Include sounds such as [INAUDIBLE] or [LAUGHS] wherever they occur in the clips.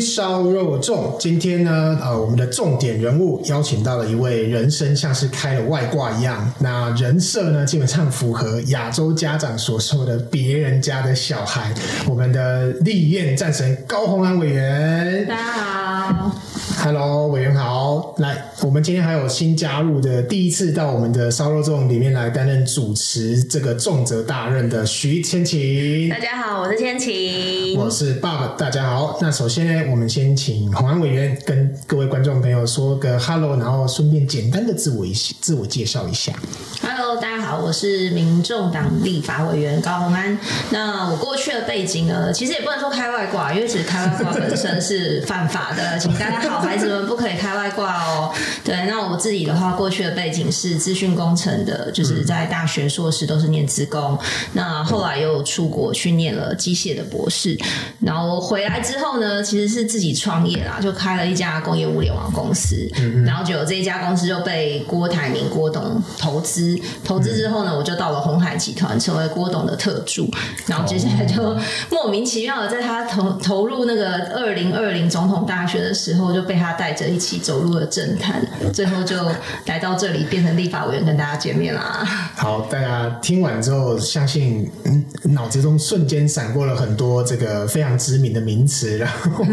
燒肉粽，今天呢，呃，我們的重點人物，邀請到了一位人生像是開了外掛一樣，那人設呢，基本上符合亞洲家長所說的別人家的小孩，我們的立院戰神高虹安委員，大家好。Hello，委員好。來，我們今天還有新加入的，第一次到我們的燒肉粽裡面來擔任主持這個重責大任的徐千晴。大家好，我是千晴。我是 Bob。大家好。那首先呢，我們先請虹安委員跟各位觀眾朋友說個 Hello，然後順便簡單的自我一些自我介紹一下。Hello，大家好，我是民眾黨立法委員高虹安。那我過去的背景呢，其實也不能說開外掛，因為其實開外掛本身是犯法的。請 [LAUGHS] 大家好。孩子們不可以開外掛哦。對，那我自己的話，過去的背景是資訊工程的，就是在大學碩士都是念資工，嗯。那後來又出國去念了機械的博士，嗯，然後回來之後呢，其實是自己創業啦，嗯，就開了一家工業物聯網公司。嗯嗯，然後就有這一家公司就被郭台銘郭董投資，投資之後呢，嗯，我就到了鴻海集團，成為郭董的特助。然後接下來就莫名其妙的在他投投入那個二零二零總統大學的時候，嗯，就被他。他帶着一起走入了政壇，最後就來到這裡，變成立法委員跟大家見面啦。好，大家聽完之後，相信，嗯，腦子中瞬間閃過了很多這個非常知名的名詞，然後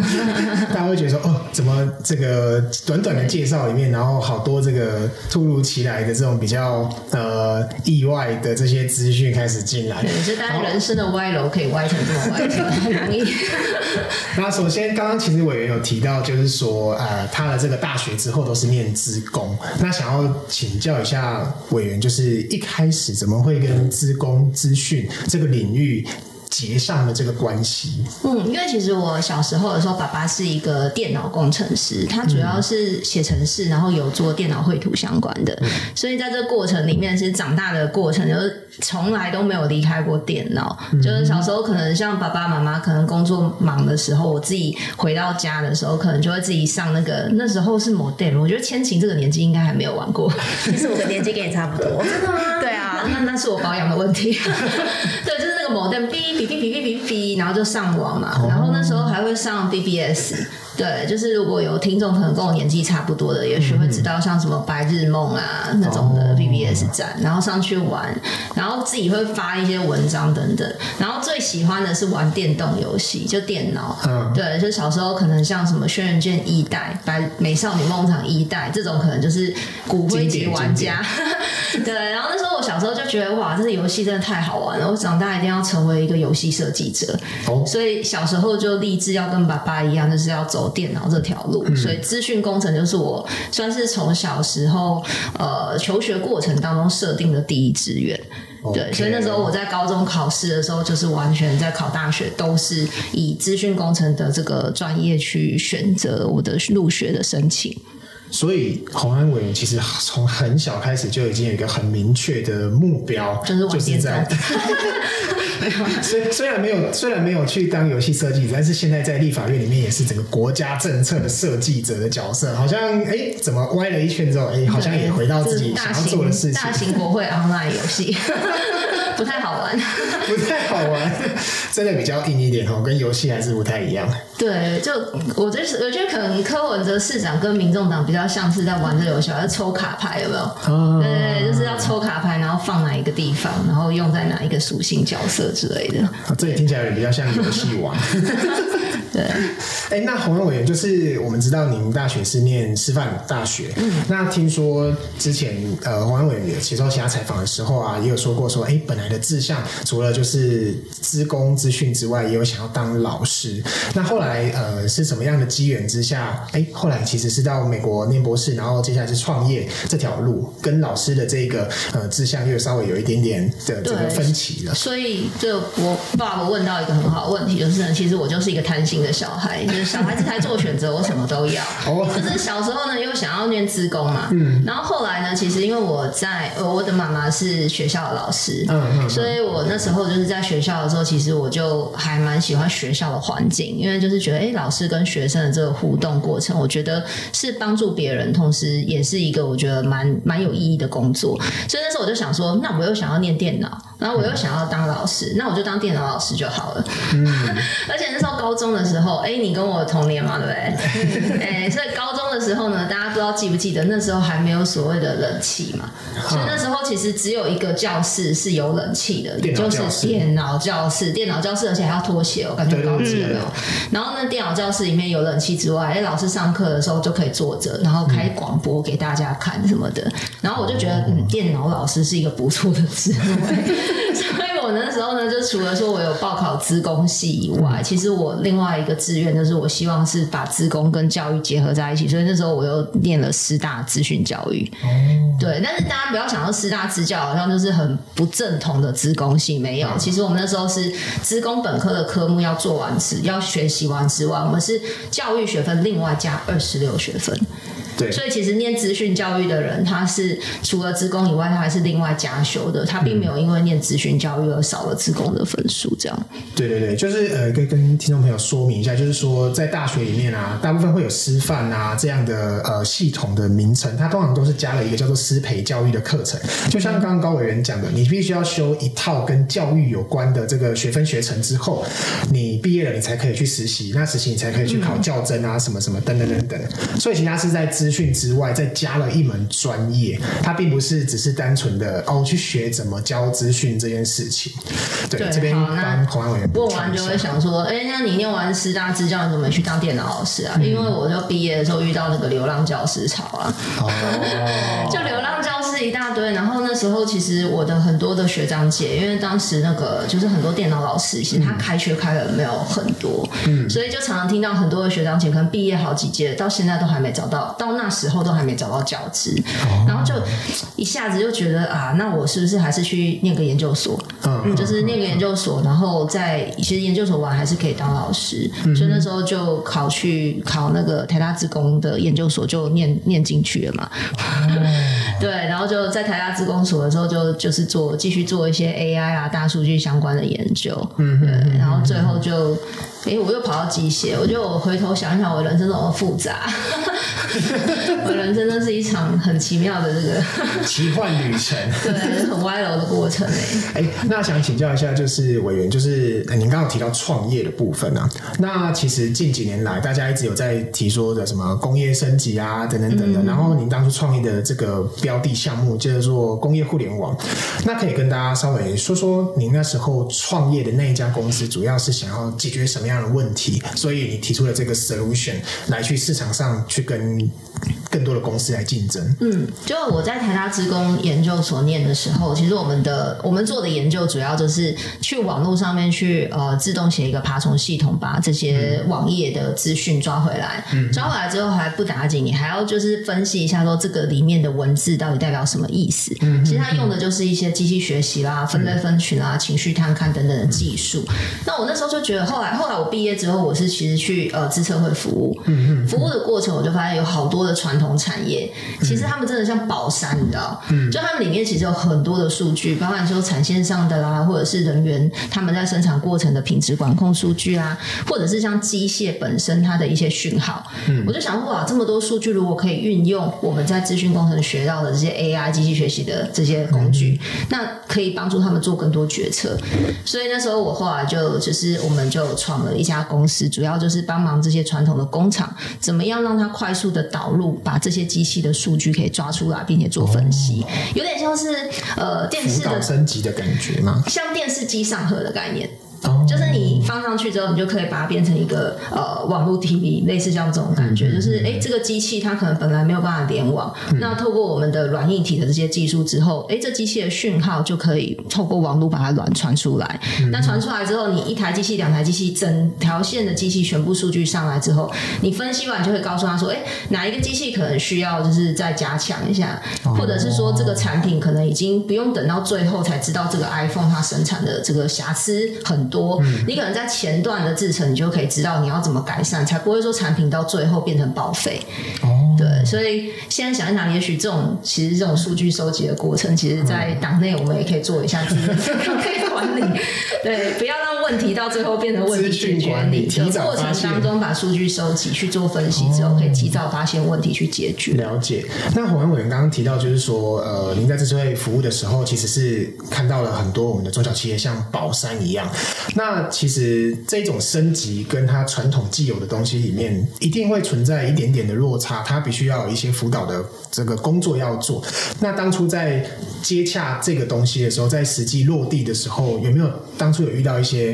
大家會覺得說：“ [LAUGHS] 哦，怎麼這個短短的介紹裡面，然後好多這個突如其來的這種比較呃意外的這些資訊開始進來？”我覺得，大家人生的歪樓可以歪成這麼歪，很 [LAUGHS] [LAUGHS] 那首先，剛剛其實委員有提到，就是說。呃，他的這個大學之後都是念資工，那想要請教一下委員，就是一開始怎麼會跟資工資訊這個領域？結上了這個關係，嗯，因為其實我小時候的時候，爸爸是一個電腦工程師，他主要是寫程式，然後有做電腦繪圖相關的、嗯，所以在這過程裡面，其實長大的過程就是從來都沒有離開過電腦、嗯。就是小時候可能像爸爸媽媽可能工作忙的時候，我自己回到家的時候，可能就會自己上那個那時候是某電，我覺得千晴這個年紀應該還沒有玩過，其實我， [LAUGHS] 我的年紀跟你差不多，真 [LAUGHS] 的嗎？ [LAUGHS] 對啊，那那是我保養的問題， [LAUGHS] 對，就是。某的嗶嗶嗶嗶嗶嗶，然後就上網嘛、哦，然後那時候還會上 BBS。對，就是如果有聽眾可能跟我年紀差不多的，也許會知道像什麼白日夢啊，嗯嗯，那種的 BBS 站，哦，然後上去玩，然後自己會發一些文章等等，然後最喜歡的是玩電動遊戲，就電腦。嗯，對，就是，小時候可能像什麼軒轅劍一代、白美少女夢場一代這種，可能就是骨灰級玩家。 [LAUGHS] 對，然後那時候我小時候就覺得哇，這些遊戲真的太好玩了，我長大一定要成為一個遊戲設計者。哦，所以小時候就立志要跟爸爸一樣，就是要走電腦這條路，嗯，所以資訊工程就是我算是從小時候呃求學過程當中設定的第一志願。Okay. 對，所以那時候我在高中考試的時候，就是完全在考大學，都是以資訊工程的這個專業去選擇我的入學的申請。所以虹安委員其實從很小開始就已經有一個很明確的目標，就是、就是、在、 [LAUGHS] 啊。所以雖然沒有雖然沒有去當遊戲設計，但是現在在立法院裡面也是整個國家政策的設計者的角色。好像哎、欸，怎麼歪了一圈之後，哎、欸，好像也回到自己想要做的事情。就是、大,型大型國會 online 遊戲， [LAUGHS] 不太好玩，不太好玩，真的比較硬一點哦，跟遊戲還是不太一樣。對，就我就是我覺得可能柯文哲市長跟民眾黨比較。要像是在玩的遊戲，要、嗯、抽卡牌有沒有？哦、對，對對，就是要抽卡牌，然後放哪一個地方，然後用在哪一個屬性角色之類的。哦、這也聽起來也比較像遊戲王。對。哎、 [LAUGHS] 欸，那虹安委員，就是我們知道您大學是念師範大學、嗯。那聽說之前呃，虹安委員接受其，其他採訪的時候啊，也有說過說，哎、欸，本來的志向除了就是資工資訊之外，也有想要當老師。那後來呃，是什麼樣的機緣之下，哎、欸，後來其實是到美國。念博士，然後接下來是創業這條路，跟老師的這個呃志向又稍微有一點點的這個分歧了。所以，這我爸爸問到一個很好的問題，就是呢，其實我就是一個貪心的小孩，就是小孩子才做選擇，我什麼都要。 [LAUGHS] 可是小時候呢， [LAUGHS] 又想要念資工嘛。嗯。然後後來呢，其實因為我在呃我的媽媽是學校的老師，嗯嗯，所以我那時候就是在學校的時候、嗯，其實我就還蠻喜歡學校的環境，因為就是覺得哎、欸，老師跟學生的這個互動過程，我覺得是幫助。別人，同時也是一個我覺得蠻蠻有意義的工作，所以那時候我就想說，那我又想要念電腦。然後我又想要當老師，嗯，那我就當電腦老師就好了。嗯、 [LAUGHS] 而且那時候高中的時候，哎，你跟我同年嘛，對不對？哎， [LAUGHS] 所以高中的時候呢，大家不知道記不記得，那時候還沒有所謂的冷氣嘛、嗯，所以那時候其實只有一個教室是有冷氣的，也就是電腦教室。電腦教室而且還要脫鞋哦，感覺高級了，嗯、有沒有？嗯、然後呢，電腦教室裡面有冷氣之外，哎，老師上課的時候就可以坐着，然後開廣播給大家看什麼的。嗯、然後我就覺得嗯嗯，嗯，電腦老師是一個不錯的職業。嗯 [LAUGHS] 所以，我那時候呢，就除了說我有報考資工系以外，其實我另外一個志願就是，我希望是把資工跟教育結合在一起。所以那時候我又念了師大資訊教育。對，但是大家不要想到師大資教好像就是很不正統的資工系，沒有。其實我們那時候是資工本科的科目要做完之要學習完之外，我們是教育學分另外加二十六學分。對，所以其實念資訊教育的人，他是除了資工以外，他還是另外加修的，他並沒有因為念資訊教育而少了資工的分數。這樣，嗯。對對對，就是呃，可以跟聽眾朋友說明一下，就是說在大學裡面啊，大部分會有師範啊這樣的呃系統的名稱，它通常都是加了一個叫做師培教育的課程。就像剛剛高委員講的，你必須要修一套跟教育有關的這個學分學程之後，你畢業了，你才可以去實習，那實習你才可以去考教甄啊、嗯，什麼什麼，等等等等。所以其他是在資。訓之外，再加了一門專業，它並不是只是單純的哦，去學怎麼教資訊這件事情。對，對，好這邊考完委員問完就會想說：“哎、欸，那你念完師大資教，你怎麼去當電腦老師啊、嗯？”因為我就畢業的時候遇到那個流浪教師潮啊，哦、 [LAUGHS] 就流浪教師一大堆。然後那時候其實我的很多的學長姐，因為當時那個就是很多電腦老師，其實他開缺開的沒有很多，嗯，所以就常常聽到很多的學長姐可能畢業好幾屆，到現在都還沒找到。但那時候都還沒找到教職，然後就一下子就覺得啊，那我是不是還是去念個研究所？嗯，嗯嗯就是念個研究所，嗯嗯嗯、然後在其實研究所完還是可以當老師、嗯，所以那時候就考去考那個台大資工的研究所，就念念進去了嘛。嗯、 [LAUGHS] 對，然後就在台大資工所的時候就，就就是做繼續做一些 AI 啊、大數據相關的研究對嗯。嗯，然後最後就。哎、欸，我又跑到機械，我覺得我回頭想一想，我的人生怎麼複雜？ [LAUGHS] 我人生真的是一場很奇妙的這個 [LAUGHS] 奇幻旅程， [LAUGHS] 對，很 [LAUGHS] 歪樓的過程哎、欸欸。那想請教一下，就是委員，就是您剛剛提到創業的部分啊。那其實近幾年來，大家一直有在提說的什麼工業升級啊，等等等等、嗯。然後您當初創業的這個標的項目叫做、就是、工業互聯網，那可以跟大家稍微說說，您那時候創業的那一家公司主要是想要解決什麼樣的？那樣的問題，所以你提出了這個 solution 來去市場上去跟更多的公司來競爭。嗯，就我在台大資工研究所念的時候，其實我們的我們做的研究主要就是去網絡上面去呃自動寫一個爬蟲系統，把這些網頁的資訊抓回來。嗯，抓回來之後還不打緊，你還要就是分析一下說這個裡面的文字到底代表什麼意思。嗯，其實它用的就是一些機器學習啦、分類分群啦、嗯、情緒探勘等等的技術。嗯、那我那時候就覺得，後來後來我畢業之後，我是其實去呃資策會服務。嗯嗯，服務的過程我就發現有好多的。傳統產業其實他們真的像寶山，你知道。嗯，就他們裡面其實有很多的數據，包含說產線上的啦、啊，或者是人員他們在生產過程的品質管控數據啦、啊，或者是像機械本身它的一些訊號。嗯，我就想，哇，這麼多數據，如果可以運用我們在資訊工程學到的這些 AI 機器學習的這些工具，嗯，那可以幫助他們做更多決策。嗯，所以那時候我後來就只、就是我們就創了一家公司，主要就是幫忙這些傳統的工廠怎麼樣讓它快速的導入。把這些機器的數據可以抓出來，並且做分析，有點像是呃電視的升級的感覺嗎？像電視機上盒的概念。Oh, 就是你放上去之後，你就可以把它變成一個呃網絡 TV，類似像這種感覺。嗯、就是哎、欸，這個機器它可能本來沒有辦法聯網、嗯，那透過我們的軟硬體的這些技術之後，哎、欸，這機器的訊號就可以透過網絡把它軟傳出來。嗯、那傳出來之後，你一台機器、兩台機器、整條線的機器全部數據上來之後，你分析完就會告訴他說，哎、欸，哪一個機器可能需要就是再加強一下、哦，或者是說這個產品可能已經不用等到最後才知道這個 iPhone 它生產的這個瑕疵很多。多、嗯，你可能在前段的製程，你就可以知道你要怎麼改善，才不會說產品到最後變成報廢。哦，對，所以現在想一想，也許這種其實這種數據收集的過程，其實，在黨內我們也可以做一下，哦、 [LAUGHS] 可以管理， [LAUGHS] 對，不要讓。問題到最後變成問題資訊管理，從過程當中把數據收集、嗯、去做分析、哦、之後，可以及早發現問題去解決。了解。那虹安委員剛剛提到，就是說，呃，您在資策會服務的時候，其實是看到了很多我們的中小企業像寶山一樣。那其實這種升級跟它傳統既有的東西裡面，一定會存在一點點的落差，它必須要有一些輔導的這個工作要做。那當初在接洽這個東西的時候，在實際落地的時候，有沒有當初有遇到一些？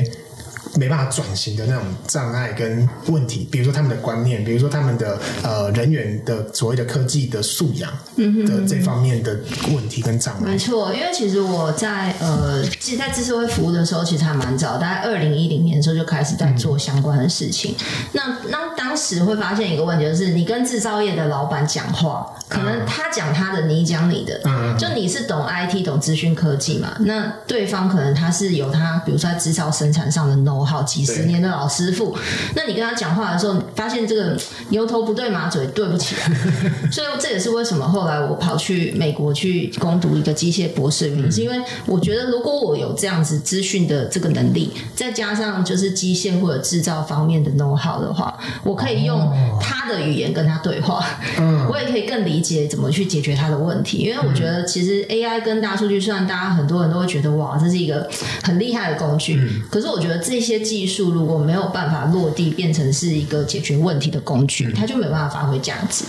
沒辦法轉型的那種障礙跟問題，比如說他們的觀念，比如說他們的呃人員的所謂的科技的素養的嗯哼嗯哼這方面的問題跟障礙。沒錯，因為其實我在呃，其實，在知識會服務的時候其實還蠻早，大概二零一零年的時候就開始在做相關的事情。嗯、那當當時會發現一個問題，就是你跟制造業的老板講話，可能他講他的，嗯、你講你的嗯嗯，就你是懂 IT 懂資訊科技嘛，那對方可能他是有他，比如說在制造生產上的弄好幾十年的老師傅，那你跟他講話的時候，發現這個牛頭不對馬嘴，對不起 [LAUGHS] 所以這也是為什麼後來我跑去美國去攻讀一個機械博士、嗯，是因為我覺得如果我有這樣子資訊的這個能力，嗯、再加上就是機械或者製造方面的 know how 的話，我可以用他的語言跟他對話。嗯、哦，我也可以更理解怎麼去解決他的問題。嗯、因為我覺得其實 AI 跟大數據算，雖然大家很多人都會覺得哇，這是一個很厲害的工具，嗯、可是我覺得這些。一些技術如果沒有辦法落地變成是一個解決問題的工具，嗯、它就沒辦法發揮價值。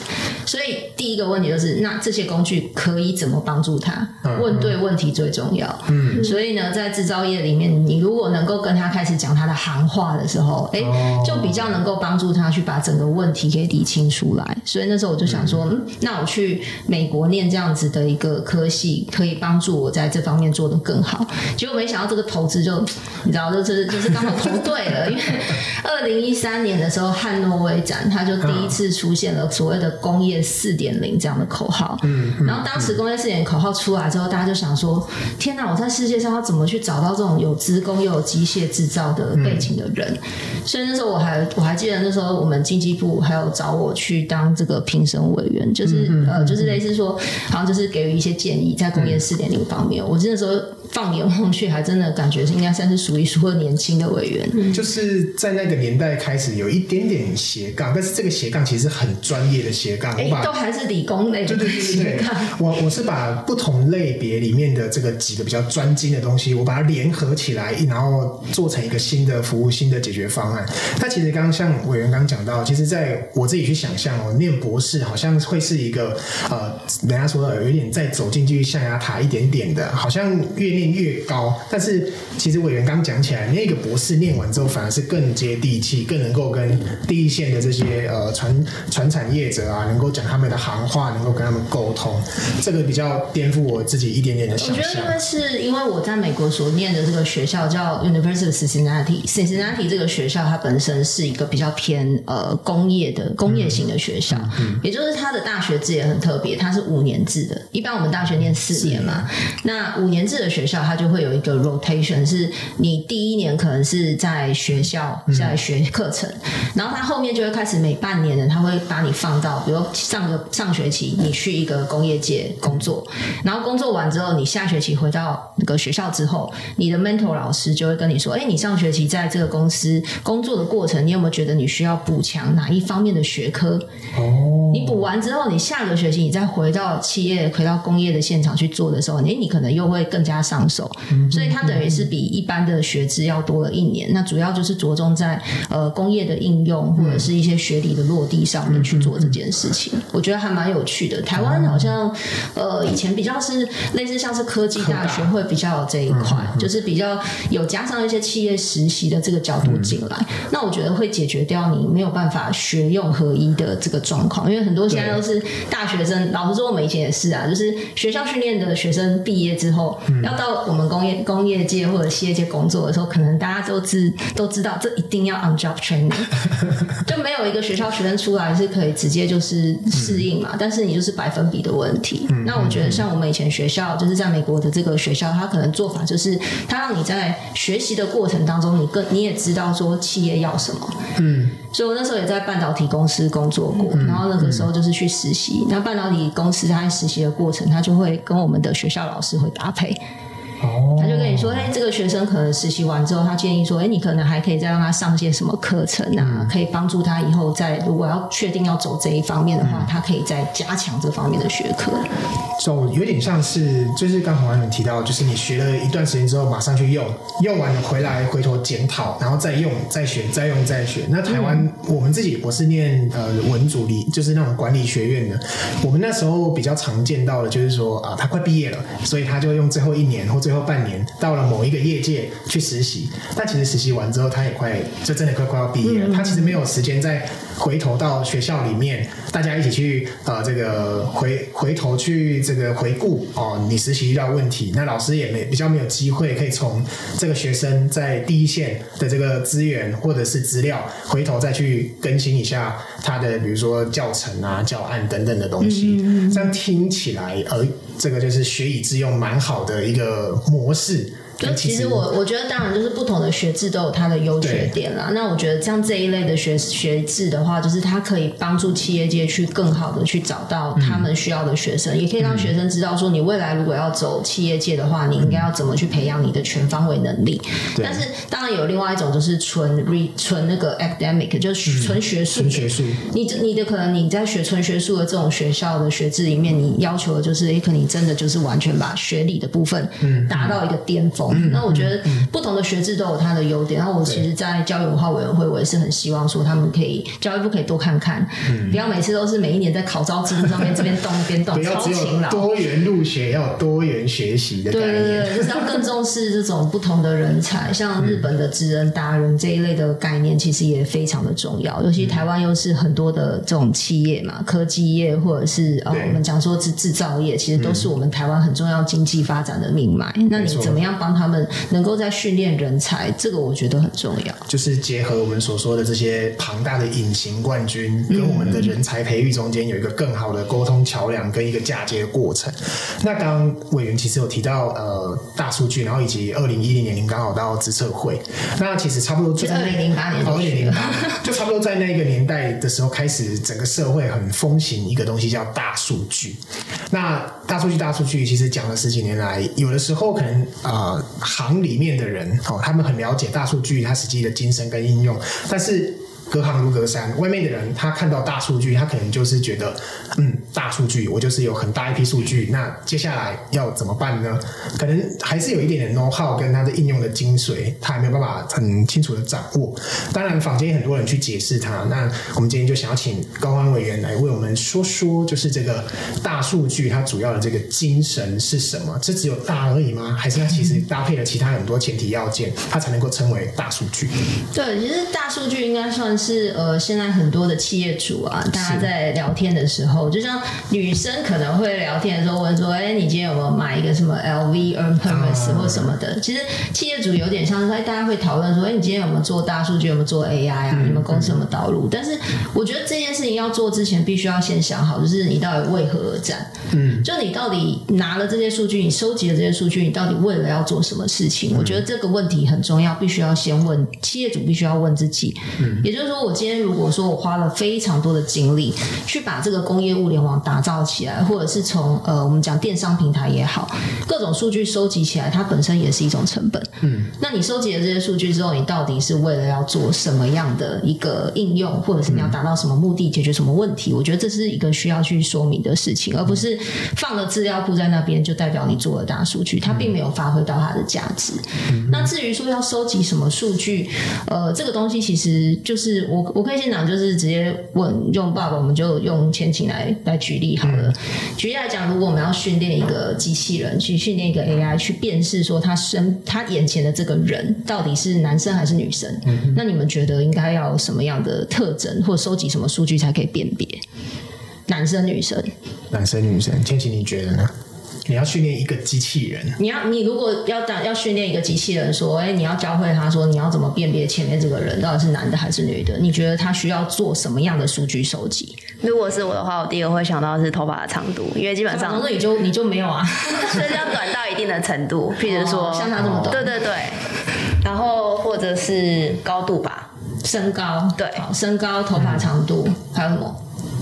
所以第一個問題就是，那這些工具可以怎麼幫助他、嗯？問對問題最重要。嗯，所以呢，在製造業裡面，你如果能夠跟他開始講他的行話的時候，哎、欸哦，就比較能夠幫助他去把整個問題給理清出來。所以那時候我就想說、嗯嗯，那我去美國念這樣子的一個科系，可以幫助我在這方面做得更好。結果沒想到這個投資就，你知道，就是就是剛。 [LAUGHS] 不對了，因為二零一三年的時候，漢諾威展，他就第一次出現了所謂的“工業四點零”這樣的口號。嗯，嗯然後當時“工業四點零”口號出來之後，大家就想說：“天哪、啊！我在世界上要怎麼去找到這種有資工又有機械制造的背景的人、嗯？”所以那時候我還我還記得那時候我們經濟部還有找我去當這個評審委員，就是、嗯嗯、呃，就是類似說、嗯，好像就是給予一些建議在工業四點零方面。嗯、我那時候放眼望去，還真的感覺是應該算是數一數二年輕的委員。委員就是在那個年代開始有一點點斜槓，但是這個斜槓其實是很專業的斜槓，欸，我把，都還是理工類，欸。對對對對，對我我是把不同類別裡面的這個幾個比較專精的東西，我把它聯合起來，然後做成一個新的服務、新的解決方案。那其實剛剛像委員剛講到，其實在我自己去想象，哦，念博士好像會是一個呃，人家說的有，有點再走進去象牙塔一點點的，好像越念越高。但是其實委員剛講起來，那個博士。是念完之後，反而是更接地氣，更能夠跟第一線的這些呃傳傳產業者啊，能夠講他們的行話，能夠跟他們溝通，這個比較顛覆我自己一點點的想法。我覺得因為是因為我在美國所念的這個學校叫 University of Cincinnati，Cincinnati Cincinnati 這個學校它本身是一個比較偏呃工業的工業型的學校，嗯，也就是它的大學制也很特別，它是五年制的，一般我們大學念四年嘛，啊、那五年制的學校它就會有一個 rotation，是你第一年可能是。是在學校，在學課程，嗯，然後他後面就會開始每半年的，他會把你放到，比如上個上學期你去一個工業界工作，嗯，然後工作完之後，你下學期回到那個學校之後，你的 mentor 老師就會跟你說：“哎，欸，你上學期在這個公司工作的過程，你有沒有覺得你需要補強哪一方面的學科？”哦，你補完之後，你下個學期你再回到企業回到工業的現場去做的時候，哎，欸，你可能又會更加上手，嗯，所以他等於是比一般的學制要多了一年。年那主要就是着重在呃工業的應用或者是一些學理的落地上面去做這件事情，我覺得還蠻有趣的。台灣好像呃以前比較是類似像是科技大學會比較有這一塊，就是比較有加上一些企業實習的這個角度進來，那我覺得會解決掉你沒有辦法學用合一的這個狀況，因為很多現在都是大學生，老實說我們以前也是啊，就是學校訓練的學生畢業之後要到我們工業工業界或者企業界工作的時候，可能大家都。都知道，這一定要 on job training， [LAUGHS] 就沒有一個學校學生出來是可以直接就是適應嘛。嗯、但是你就是百分比的問題、嗯。那我覺得像我們以前學校，就是在美國的這個學校，他可能做法就是他讓你在學習的過程當中，你更你也知道說企業要什麼。嗯，所以我那時候也在半導體公司工作過，嗯、然後那個時候就是去實習。嗯、那半導體公司他在實習的過程，他就會跟我們的學校老師會搭配。Oh, 他就跟你說：“哎、欸，這個學生可能實習完之後，他建議說：哎、欸，你可能還可以再讓他上一些什麼課程啊，嗯、可以幫助他以後再如果要確定要走這一方面的話，嗯、他可以再加強這方面的學科。So, ”就有點像是，就是剛才我們提到，就是你學了一段時間之後，馬上去用，用完了回來回頭檢討，然後再用，再學，再用，再學。那台灣、嗯、我們自己，我是念呃文組裡，就是那種管理學院的、嗯，我們那時候比較常見到的就是說啊、呃，他快畢業了，所以他就用最後一年或者。最後半年到了某一個業界去實習，但其實實習完之後，他也快，就真的快快要畢業了。嗯嗯。他其實沒有時間再回頭到學校裡面，大家一起去啊、呃，這個回回頭去這個回顧哦、呃，你實習遇到問題，那老師也沒比較沒有機會可以從這個學生在第一線的這個資源或者是資料，回頭再去更新一下他的，比如說教程啊、教案等等的東西。嗯嗯嗯。這樣聽起來，呃。這個就是學以致用，蠻好的一個模式。就其實我、嗯、我覺得當然就是不同的學制都有它的優缺點啦。那我覺得像這一類的學學制的話，就是它可以幫助企業界去更好的去找到他們需要的學生，嗯，也可以讓學生知道說你未來如果要走企業界的話，嗯，你應該要怎麼去培養你的全方位能力。但是當然有另外一種就是純純那個 academic，就是純學術。純學術。你你，你的可能你在學純學術的這種學校的學制裡面，你要求的就是，也，欸、可能你真的就是完全把學理的部分達到一個巔峰。嗯嗯，那我覺得不同的學制都有它的優點。嗯、然後我其實，在教育文化委員會，我也是很希望說他們可以教育部可以多看看，嗯，不要每次都是每一年在考招制度上面這邊動那、嗯、邊動，不要超勤勞只有多元入學，要多元學習的概念。對對對，就是要更重視這種不同的人才。嗯、像日本的職人達人這一類的概念，其實也非常的重要。尤其台灣又是很多的這種企業嘛，嗯、科技業或者是、哦、我們講說制製造業，其實都是我們台灣很重要經濟發展的命脈。嗯、那你怎麼樣幫？他們能夠在訓練人才，這個我覺得很重要。就是結合我們所說的這些龐大的隱形冠軍，跟我們的人才培育中間有一個更好的溝通橋樑跟一個嫁接的過程。嗯、那剛剛委員其實有提到呃大數據，然後以及二零一零年剛好到資策會、嗯，那其實差不多在二零零八年，二零零八就差不多在那個年代的時候開始，整個社會很風行一個東西叫大數據。那大數據，大數據，其實講了十幾年來，有的時候可能啊。呃行裡面的人哦，他們很了解大數據，它實際的精神跟應用，但是。隔行如隔山，外面的人他看到大數據，他可能就是覺得，嗯，大數據我就是有很大一批數據，那接下來要怎麼辦呢？可能還是有一點點 know how 跟它的應用的精髓，他還沒有辦法很清楚的掌握。當然，坊間很多人去解釋它，那我們今天就想要請高虹安委員來為我們說說，就是這個大數據它主要的這個精神是什麼？這只有大而已嗎？還是它其實搭配了其他很多前提要件，它才能夠稱為大數據？對，其實大數據應該算。是呃，現在很多的企業主啊，大家在聊天的時候，就像女生可能會聊天的時候問說，哎、欸，你今天有沒有買一個什麼 LV or Hermes 或什麼的？其實企業主有點像是說，哎、欸，大家會討論說，哎、欸，你今天有沒有做大數據，有沒有做 AI 啊？嗯、你們公司什麼道路、嗯？但是我覺得這件事情要做之前，必須要先想好，就是你到底為何而戰？嗯，就你到底拿了這些數據，你收集了這些數據，你到底為了要做什麼事情？嗯、我覺得這個問題很重要，必須要先問企業主，必須要問自己。嗯，也就是。就是、說我今天如果說我花了非常多的精力去把這個工業物聯網打造起來，或者是從呃我們講電商平台也好，各種數據收集起來，它本身也是一種成本。嗯，那你收集了這些數據之後，你到底是為了要做什麼樣的一個應用，或者是你要達到什麼目的，解決什麼問題、嗯？我覺得這是一個需要去說明的事情，嗯、而不是放了資料庫在那邊就代表你做了大數據，它並沒有發揮到它的價值、嗯。那至於說要收集什麼數據，呃，這個東西其實就是。我我可以現場就是直接問，用爸爸，我們就用千晴來來舉例好了。舉例來講，如果我們要訓練一個機器人，嗯、去訓練一個 AI 去辨識說他身他眼前的這個人到底是男生還是女生，嗯嗯，那你們覺得應該要什麼樣的特徵，或收集什麼數據才可以辨別男生女生？男生女生，千晴你覺得呢？你要訓練一個機器人，你要，你如果要當要訓練一個機器人說，哎、欸，你要教會他說，你要怎麼辨別前面這個人到底是男的還是女的？你覺得他需要做什麼樣的數據收集？如果是我的話，我第一個會想到是頭髮的長度，因為基本上、啊、你就你就沒有啊，所 [LAUGHS] 以要短到一定的程度，譬如說、哦、像他這麼短，對對對。然後或者是高度吧，身高對，身高、頭髮長度、嗯、還有什麼？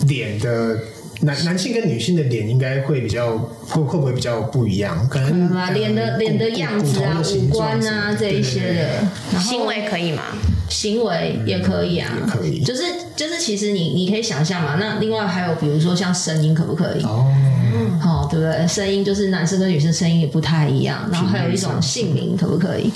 臉的。男男性跟女性的臉應該會比較，會會不會比較不一樣？可能臉的臉的樣子啊、的啊，五官啊，這一些的。對對對對。行為可以嗎？行為也可以啊，嗯、可以。就是就是，其實你你可以想象嘛。那另外還有，比如說像聲音，可不可以？哦，好、哦，對不對？聲音就是男生跟女生聲音也不太一樣。然後還有一種姓名，可不可以？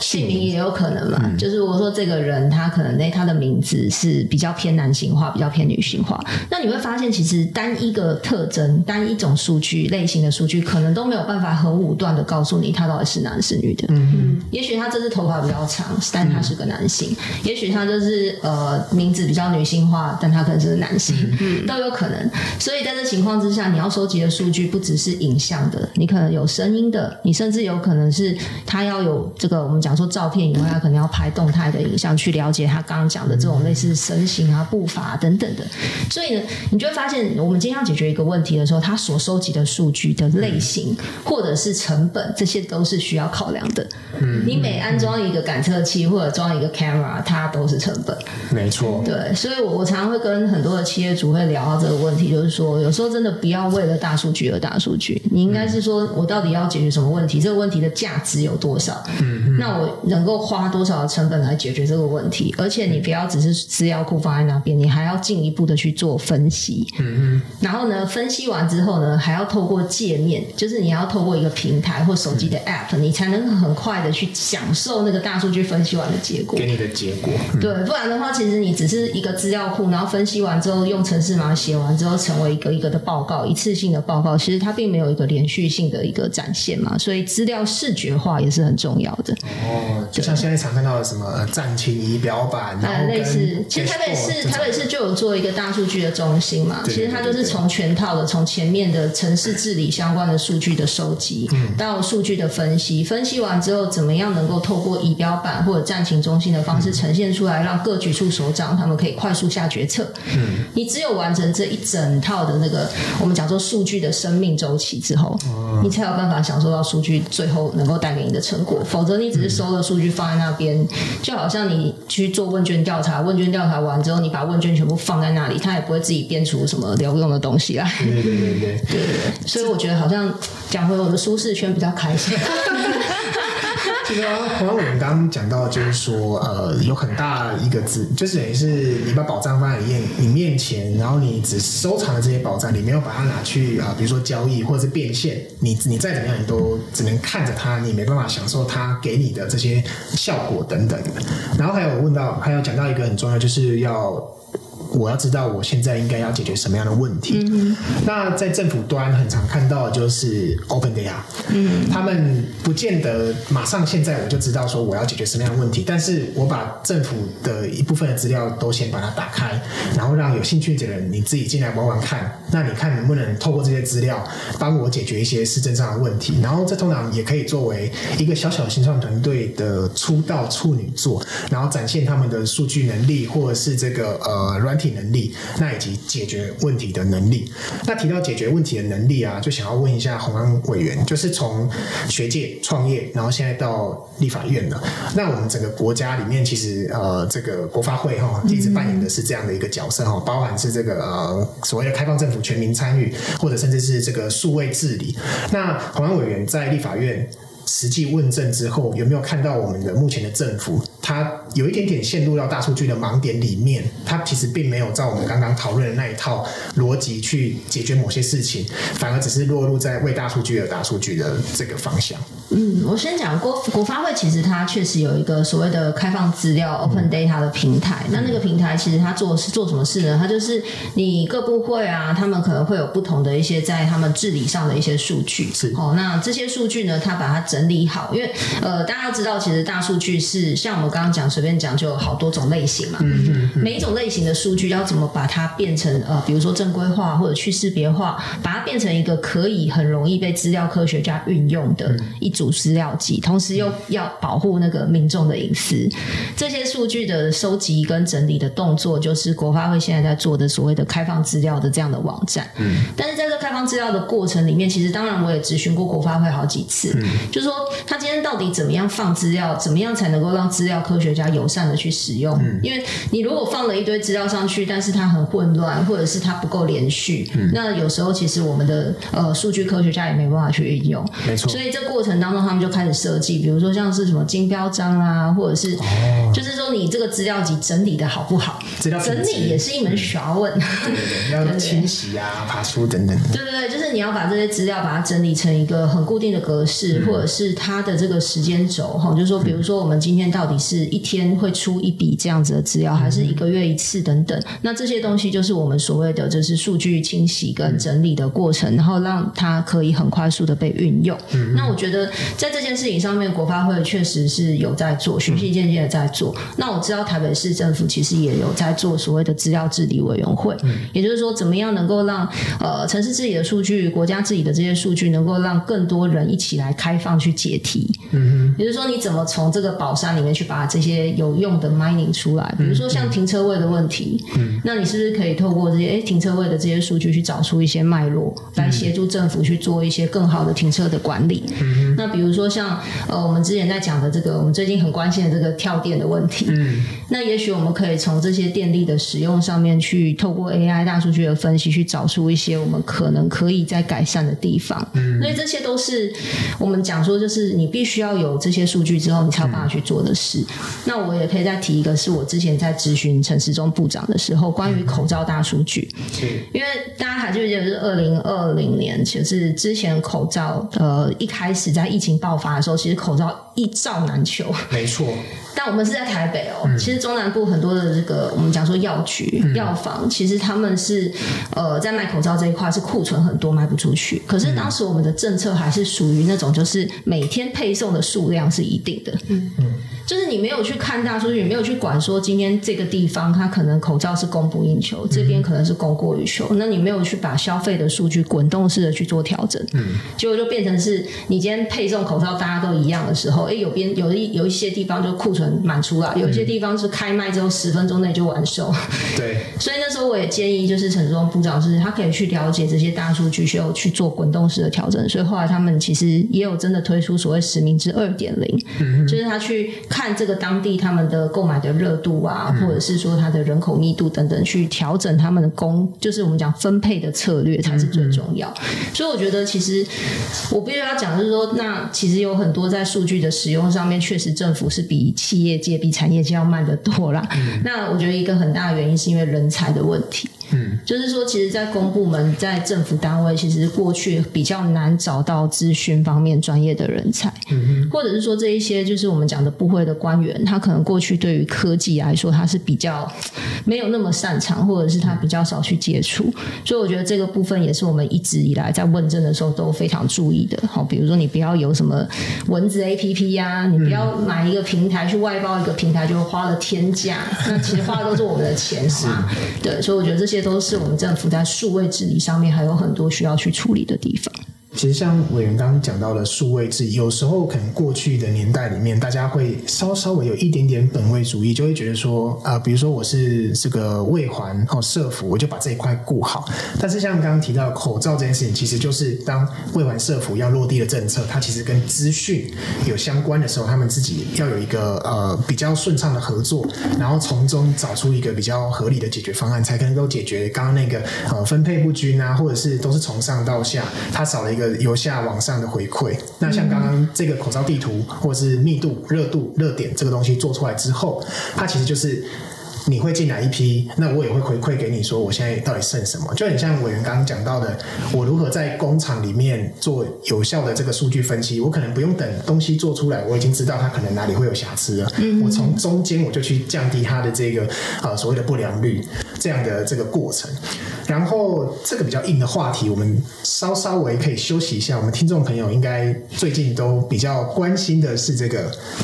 姓名也有可能嘛，嗯、就是如果說這個人他可能那，欸、他的名字是比較偏男性化，比較偏女性化。那你會發現，其實單一個特徵，單一種數據類型的數據，可能都沒有辦法很武斷的告訴你他到底是男是女的。嗯，也許他這只頭髮比較長，但他是個男性，嗯、也許他就是呃名字比較女性化，但他可能是男性，嗯、都有可能。所以在這情況之下，你要收集的數據不只是影像的，你可能有聲音的，你甚至有可能是他要有這個我們講。想說照片以外，他可能要拍動態的影像，去了解他剛剛講的這種類似身形啊、嗯、步伐、啊、等等的。所以呢，你就會發現，我們經常解決一個問題的時候，他所收集的數據的類型或者是成本、嗯，這些都是需要考量的。嗯、嗯、嗯，你每安裝一個感測器或者裝一個 camera，它都是成本。沒錯。對，所以我我常常會跟很多的企業主會聊到這個問題，就是說，有時候真的不要為了大數據而大數據，你應該是說，我到底要解決什麼問題？這個問題的價值有多少？嗯嗯。那我。能夠花多少的成本來解決這個問題？而且你不要只是資料庫放在那邊，你還要進一步的去做分析。嗯嗯。然後呢，分析完之後呢，還要透過界面，就是你要透過一個平台或手機的 App，你才能很快的去享受那個大數據分析完的結果。給你的結果。對，不然的話，其實你只是一個資料庫，然後分析完之後用程式碼寫完之後，成為一個一個的報告，一次性的報告，其實它並沒有一個連續性的一個展現嘛。所以資料視覺化也是很重要的。哦、oh，就像現在常看到的什麼戰情儀表板，啊，類似。其實台北市，台北市就有做一個大數據的中心嘛對對對對。其實它就是從全套的，從前面的城市治理相關的數據的收集、嗯，到數據的分析，分析完之後怎麼樣能夠透過儀表板或者戰情中心的方式呈現出來，嗯、讓各局處首長他們可以快速下決策。嗯，你只有完成這一整套的那個我們講說數據的生命周期之後、嗯，你才有辦法享受到數據最後能夠帶給你的成果。嗯、否則你只是。收的數據放在那邊，就好像你去做問卷調查，問卷調查完之後，你把問卷全部放在那裡，他也不會自己編出什麼聊不用的東西來。對對對對，對，對，對，所以我覺得好像講回我的舒適圈比較開心。 [LAUGHS] [LAUGHS] 就是啊，剛我們剛剛講到，就是說，呃，有很大一個字，就是等於是你把寶藏放在你你面前，然後你只收藏了這些寶藏，你沒有把它拿去啊、呃，比如說交易或者變現，你你再怎麼樣，你都只能看着它，你沒辦法享受它給你的這些效果等等。然後還有我問到，還有講到一個很重要，就是要。我要知道我現在應該要解決什麼樣的問題。嗯、那在政府端很常看到的就是 open data、嗯、他們不見得馬上現在我就知道說我要解決什麼樣的問題，但是我把政府的一部分的資料都先把它打開，然後讓有興趣的人你自己進來玩玩看，那你看能不能透過這些資料幫我解決一些市政上的問題？然後這通常也可以作為一個小小的新創團隊的出道處女作，然後展現他們的數據能力或者是這個呃軟體能力，那以及解決問題的能力。那提到解決問題的能力啊，就想要問一下虹安委員，就是從學界創業，然後現在到立法院了啊。那我們整個國家裡面，其實呃，這個國發會哈，一直扮演的是這樣的一個角色哈，包含是這個呃所謂的開放政府、全民參與，或者甚至是這個數位治理。那虹安委員在立法院實際問政之後，有沒有看到我們的目前的政府？它有一點點陷入到大數據的盲點裡面，它其實並沒有照我們剛剛討論的那一套邏輯去解決某些事情，反而只是落入在為大數據而大數據的這個方向。嗯，我先講國國發會，其實它確實有一個所謂的開放資料 （open data） 的平台。嗯，那那個平台其實它做是做什麼事呢？它就是你各部會啊，他們可能會有不同的一些在他們治理上的一些數據。是哦，那這些數據呢，它把它整理好，因為呃，大家要知道，其實大數據是像我們。我剛剛講隨便講，就有好多種類型嘛。嗯嗯嗯。每一種類型的數據要怎麼把它變成呃，比如說正規化或者去識別化，把它變成一個可以很容易被資料科學家運用的一組資料集，嗯。同時又要保護那個民眾的隱私。嗯。這些數據的收集跟整理的動作，就是國發會現在在做的所謂的開放資料的這樣的網站。嗯。但是在這開放資料的過程裡面，其實當然我也質詢過國發會好幾次，嗯，就是說他今天到底怎麼樣放資料，怎麼樣才能夠讓資料。科學家友善的去使用，嗯、因為你如果放了一堆資料上去，但是它很混亂，或者是它不夠連續、嗯，那有時候其實我們的呃數據科學家也沒辦法去運用，沒錯。所以這過程當中，他們就開始設計，比如說像是什麼金標章啊，或者是哦，就是說你這個資料集整理的好不好？資料整理也是一門學問、嗯，對對對，要清洗啊、爬梳等等。對對對，就是你要把這些資料把它整理成一個很固定的格式，嗯、或者是它的這個時間軸哈，就是說，比如說我們今天到底是。是一天會出一筆這樣子的資料，還是一個月一次等等？那這些東西就是我們所謂的，就是數據清洗跟整理的過程，然後讓它可以很快速的被運用。嗯嗯。那我覺得在這件事情上面，國發會確實是有在做，循序漸進的在做。嗯。那我知道台北市政府其實也有在做所謂的資料治理委員會，嗯，也就是說，怎麼樣能夠讓呃城市自己的數據、國家自己的這些數據，能夠讓更多人一起來開放去解題。嗯嗯，也就是說，你怎麼從這個寶山裡面去把把這些有用的 mining 出來，比如說像停車位的問題，嗯，嗯，那你是不是可以透過這些哎、欸、停車位的這些數據，去找出一些脈絡，來協助政府去做一些更好的停車的管理？嗯，嗯，那比如說像呃我們之前在講的這個，我們最近很關心的這個跳電的問題，嗯，那也許我們可以從這些電力的使用上面去透過 AI 大數據的分析，去找出一些我們可能可以再改善的地方，嗯，所以這些都是我們講說，就是你必須要有這些數據之後，你才有辦法去做的事。那我也可以再提一個，是我之前在質詢陳時中部長的時候，關於口罩大數據、嗯是。因為大家還記不記得是二零二零年，就是之前口罩呃一開始在疫情爆發的時候，其實口罩一罩難求。沒錯。但我們是在台北哦、嗯，其實中南部很多的這個我們講說藥局、藥、嗯、房，其實他們是呃在賣口罩這一塊是庫存很多賣不出去。可是當時我們的政策還是屬於那種就是每天配送的數量是一定的。嗯嗯。就是你沒有去看大數據，你沒有去管說今天這個地方它可能口罩是供不應求，這邊可能是供過於求，嗯，那你沒有去把消費的數據滾動式的去做調整，嗯，結果就變成是你今天配送口罩大家都一樣的時候，哎、欸，有邊有一有一些地方就庫存滿出了，嗯，有一些地方是開賣之後十分鐘內就完售，對，所以那時候我也建議就是陳忠部長是，他可以去了解這些大數據，需要去做滾動式的調整，所以後來他們其實也有真的推出所謂實名制二點零，嗯，就是他去。看這個當地他們的購買的熱度啊，或者是說他的人口密度等等，去調整他們的供，就是我們講分配的策略才是最重要。嗯嗯。所以我覺得，其實我必須要講，就是說，那其實有很多在數據的使用上面，確實政府是比企業界、比產業界要慢得多啦。嗯嗯。那我覺得一個很大的原因是因為人才的問題。嗯，就是說，其實，在公部門、在政府單位，其實過去比較難找到資訊方面專業的人才，嗯嗯，或者是說這一些就是我們講的部會的官員，他可能過去對於科技來說，他是比較沒有那麼擅長，或者是他比較少去接觸，所以我覺得這個部分也是我們一直以來在問政的時候都非常注意的。好，比如說你不要有什麼蚊子 APP 呀，你不要買一個平台，嗯、去外包一個平台，就花了天價，嗯、那其實花的都是我們的錢，是嗎？對，所以我覺得這些。這些都是我們政府在數位治理上面還有很多需要去處理的地方。其實像委員剛剛講到的數位治理，有時候可能過去的年代裡面，大家會稍稍微有一點點本位主義，就會覺得說啊、呃，比如說我是這個衛環哦社福，我就把這一塊顧好。但是像剛剛提到口罩這件事情，其實就是當衛環社福要落地的政策，它其實跟資訊有相關的時候，他們自己要有一個呃比較順暢的合作，然後從中找出一個比較合理的解決方案，才能夠解決剛剛那個呃分配不均啊，或者是都是從上到下，他少了一個。由下往上的回饋。那像剛剛這個口罩地圖，或是密度、熱度、熱點這個東西做出來之後，它其實就是。你會進哪一批？那我也會回饋給你說，我現在到底剩什麼？就很像委員剛剛講到的，我如何在工廠裡面做有效的這個數據分析。我可能不用等東西做出來，我已經知道它可能哪裡會有瑕疵了，啊。我從中間我就去降低它的這個啊、呃、所謂的不良率這樣的這個過程。然後這個比較硬的話題，我們稍稍微可以休息一下。我們聽眾朋友應該最近都比較關心的是這個，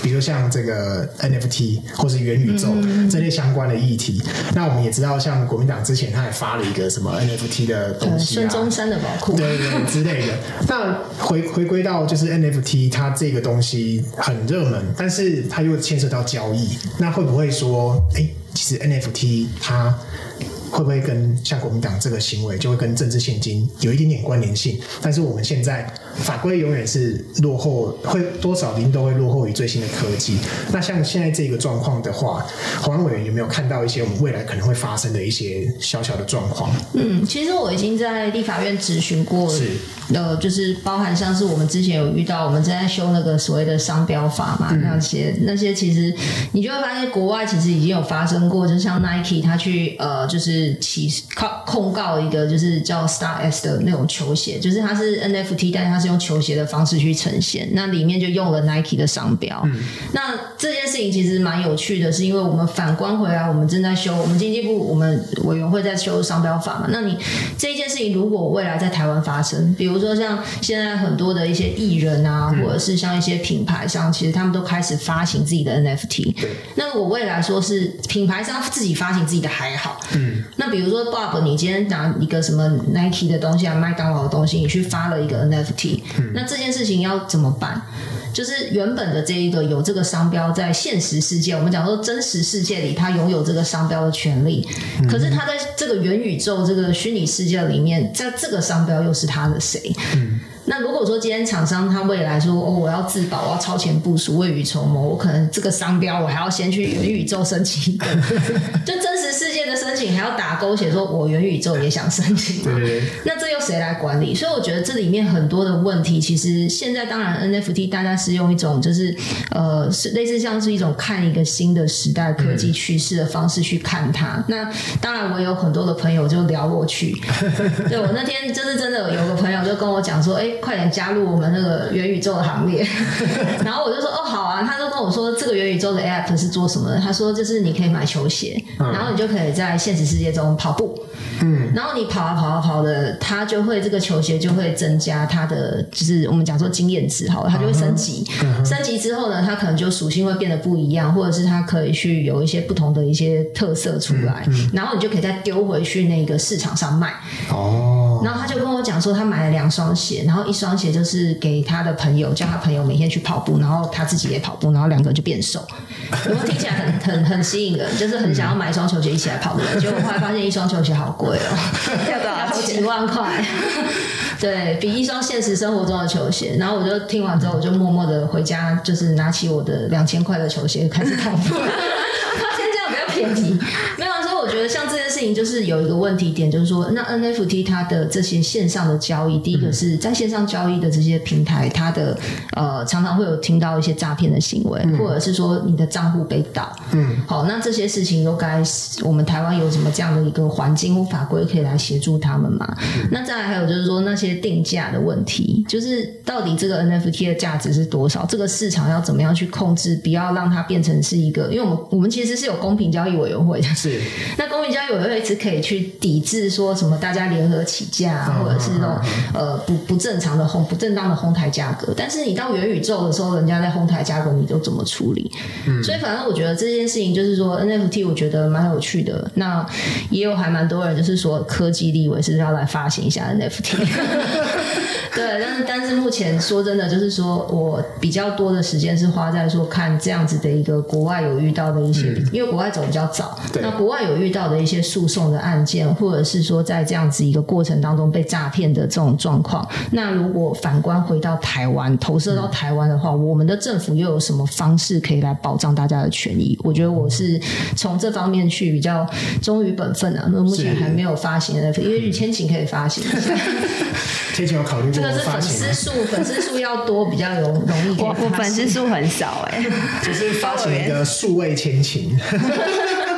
比如像這個 NFT 或是元宇宙這類相關的。議題，那我們也知道，像國民黨之前，他還發了一個什麼 NFT 的東西啊，孫、嗯、中山的寶庫，對對，對之類的。 [LAUGHS] 那回回歸到就是 NFT，它這個東西很熱門，但是它又牽涉到交易，那會不會說，哎、欸？其實 NFT 它會不會跟像國民黨這個行為，就會跟政治獻金有一點點關聯性？但是我們現在法規永遠是落後，會多少年都會落後於最新的科技。那像現在這個狀況的話，虹安委員有沒有看到一些我們未來可能會發生的一些小小的狀況？嗯，其實我已經在立法院質詢過，是呃，就是包含像是我們之前有遇到，我們正在修那個所謂的商標法嘛，嗯、那些那些其實你就會發現國外其實已經有發生。過就像 Nike 他去呃就是起控告一個就是叫 Star S 的那種球鞋，就是它是 NFT，但是它是用球鞋的方式去呈現，那裡面就用了 Nike 的商標。嗯，那這件事情其實蠻有趣的，是因為我們反觀回來，我們正在修我們經濟部我們委員會在修商標法嘛。那你這一件事情如果未來在台灣發生，比如說像現在很多的一些藝人啊，或者是像一些品牌商，其實他們都開始發行自己的 NFT，嗯，那我未來說是品牌，還是他自己發行自己的還好。嗯，那比如說 Bob，你今天拿一個什麼 Nike 的東西啊、麥當勞的東西，你去發了一個 NFT。嗯，那這件事情要怎麼辦？就是原本的這一個有這個商標在現實世界，我們講說真實世界裡他擁有這個商標的權利。嗯，可是他在這個元宇宙、這個虛擬世界裡面，在這個商標又是他的誰？嗯。那如果說今天廠商他未來說、哦、我要自保，我要超前部署，未雨綢繆，我可能這個商標我還要先去元宇宙申請一個， [LAUGHS] 就真實世界的申請還要打勾寫說，我元宇宙也想申請對。那這又誰來管理？所以我覺得這裡面很多的問題，其實現在當然 NFT 大家是用一種就是呃是類似像是一種看一個新的時代科技趨勢的方式去看它。嗯，那當然我有很多的朋友就聊過去，對，我那天就是真的有個朋友就跟我講說，哎。快點加入我們那個元宇宙的行列！ [LAUGHS] [LAUGHS] 然後我就說哦好啊，他就跟我說這個元宇宙的 APP 是做什麼的？他說就是你可以買球鞋，嗯、然後你就可以在現實世界中跑步，嗯，然後你跑啊跑啊跑的，他就會這個球鞋就會增加他的，就是我們講說經驗值好了，他就會升級、嗯。升級之後呢，他可能就屬性會變得不一樣，或者是他可以去有一些不同的一些特色出來，嗯、然後你就可以再丟回去那個市場上賣哦。然後他就跟我講說他買了兩雙鞋，然後。一雙鞋就是給他的朋友，叫他朋友每天去跑步，然後他自己也跑步，然後兩個人就變瘦。然後聽起來很很很吸引人，就是很想要買一雙球鞋一起來跑步。結果後來發現，一雙球鞋好貴哦，要好幾萬塊，對比一雙現實生活中的球鞋。然後我就聽完之後，我就默默的回家，就是拿起我的兩千塊的球鞋開始跑步。發現這樣比較便宜。就是有一個問題點，就是說，那 NFT 它的這些線上的交易，第一個是在線上交易的這些平台，嗯、它的呃常常會有聽到一些詐騙的行為，嗯、或者是說你的賬戶被盜。嗯，好，那這些事情又該我們台灣有什麼這樣的一個環境或法規可以來協助他們嗎、嗯？那再來還有就是說那些定價的問題，就是到底這個 NFT 的價值是多少？這個市場要怎麼樣去控制，不要讓它變成是一個？因為我們我們其實是有公平交易委員會的，是 [LAUGHS] 那公平交易委員會。一直可以去抵制，說什麼大家聯合起價、啊，嗯，或者是那種、嗯、呃不不正常的哄不正當的哄抬價格。但是你到元宇宙的時候，人家在哄抬價格，你都怎麼處理、嗯？所以反正我覺得這件事情就是說 NFT，我覺得蠻有趣的。那也有還蠻多人就是說科技立委是要來發行一下 NFT。 [LAUGHS] [LAUGHS] 對，但是但是目前說真的，就是說我比較多的時間是花在說看這樣子的一個國外有遇到的一些，嗯、因為國外走比較早對，那國外有遇到的一些數。訴訟的案件，或者是說在這樣子一個過程當中被詐騙的這種狀況，那如果反觀回到台灣，投射到台灣的話，我們的政府又有什麼方式可以來保障大家的權益？我覺得我是從這方面去比較忠於本分啊。那目前還沒有發行的，因為千情可以發行一下。千情要考慮過嗎？這個是粉絲數，粉絲數要多比較容易發行。我我粉絲數很少哎、欸， [LAUGHS] 就是發行一個數位千情。 [LAUGHS]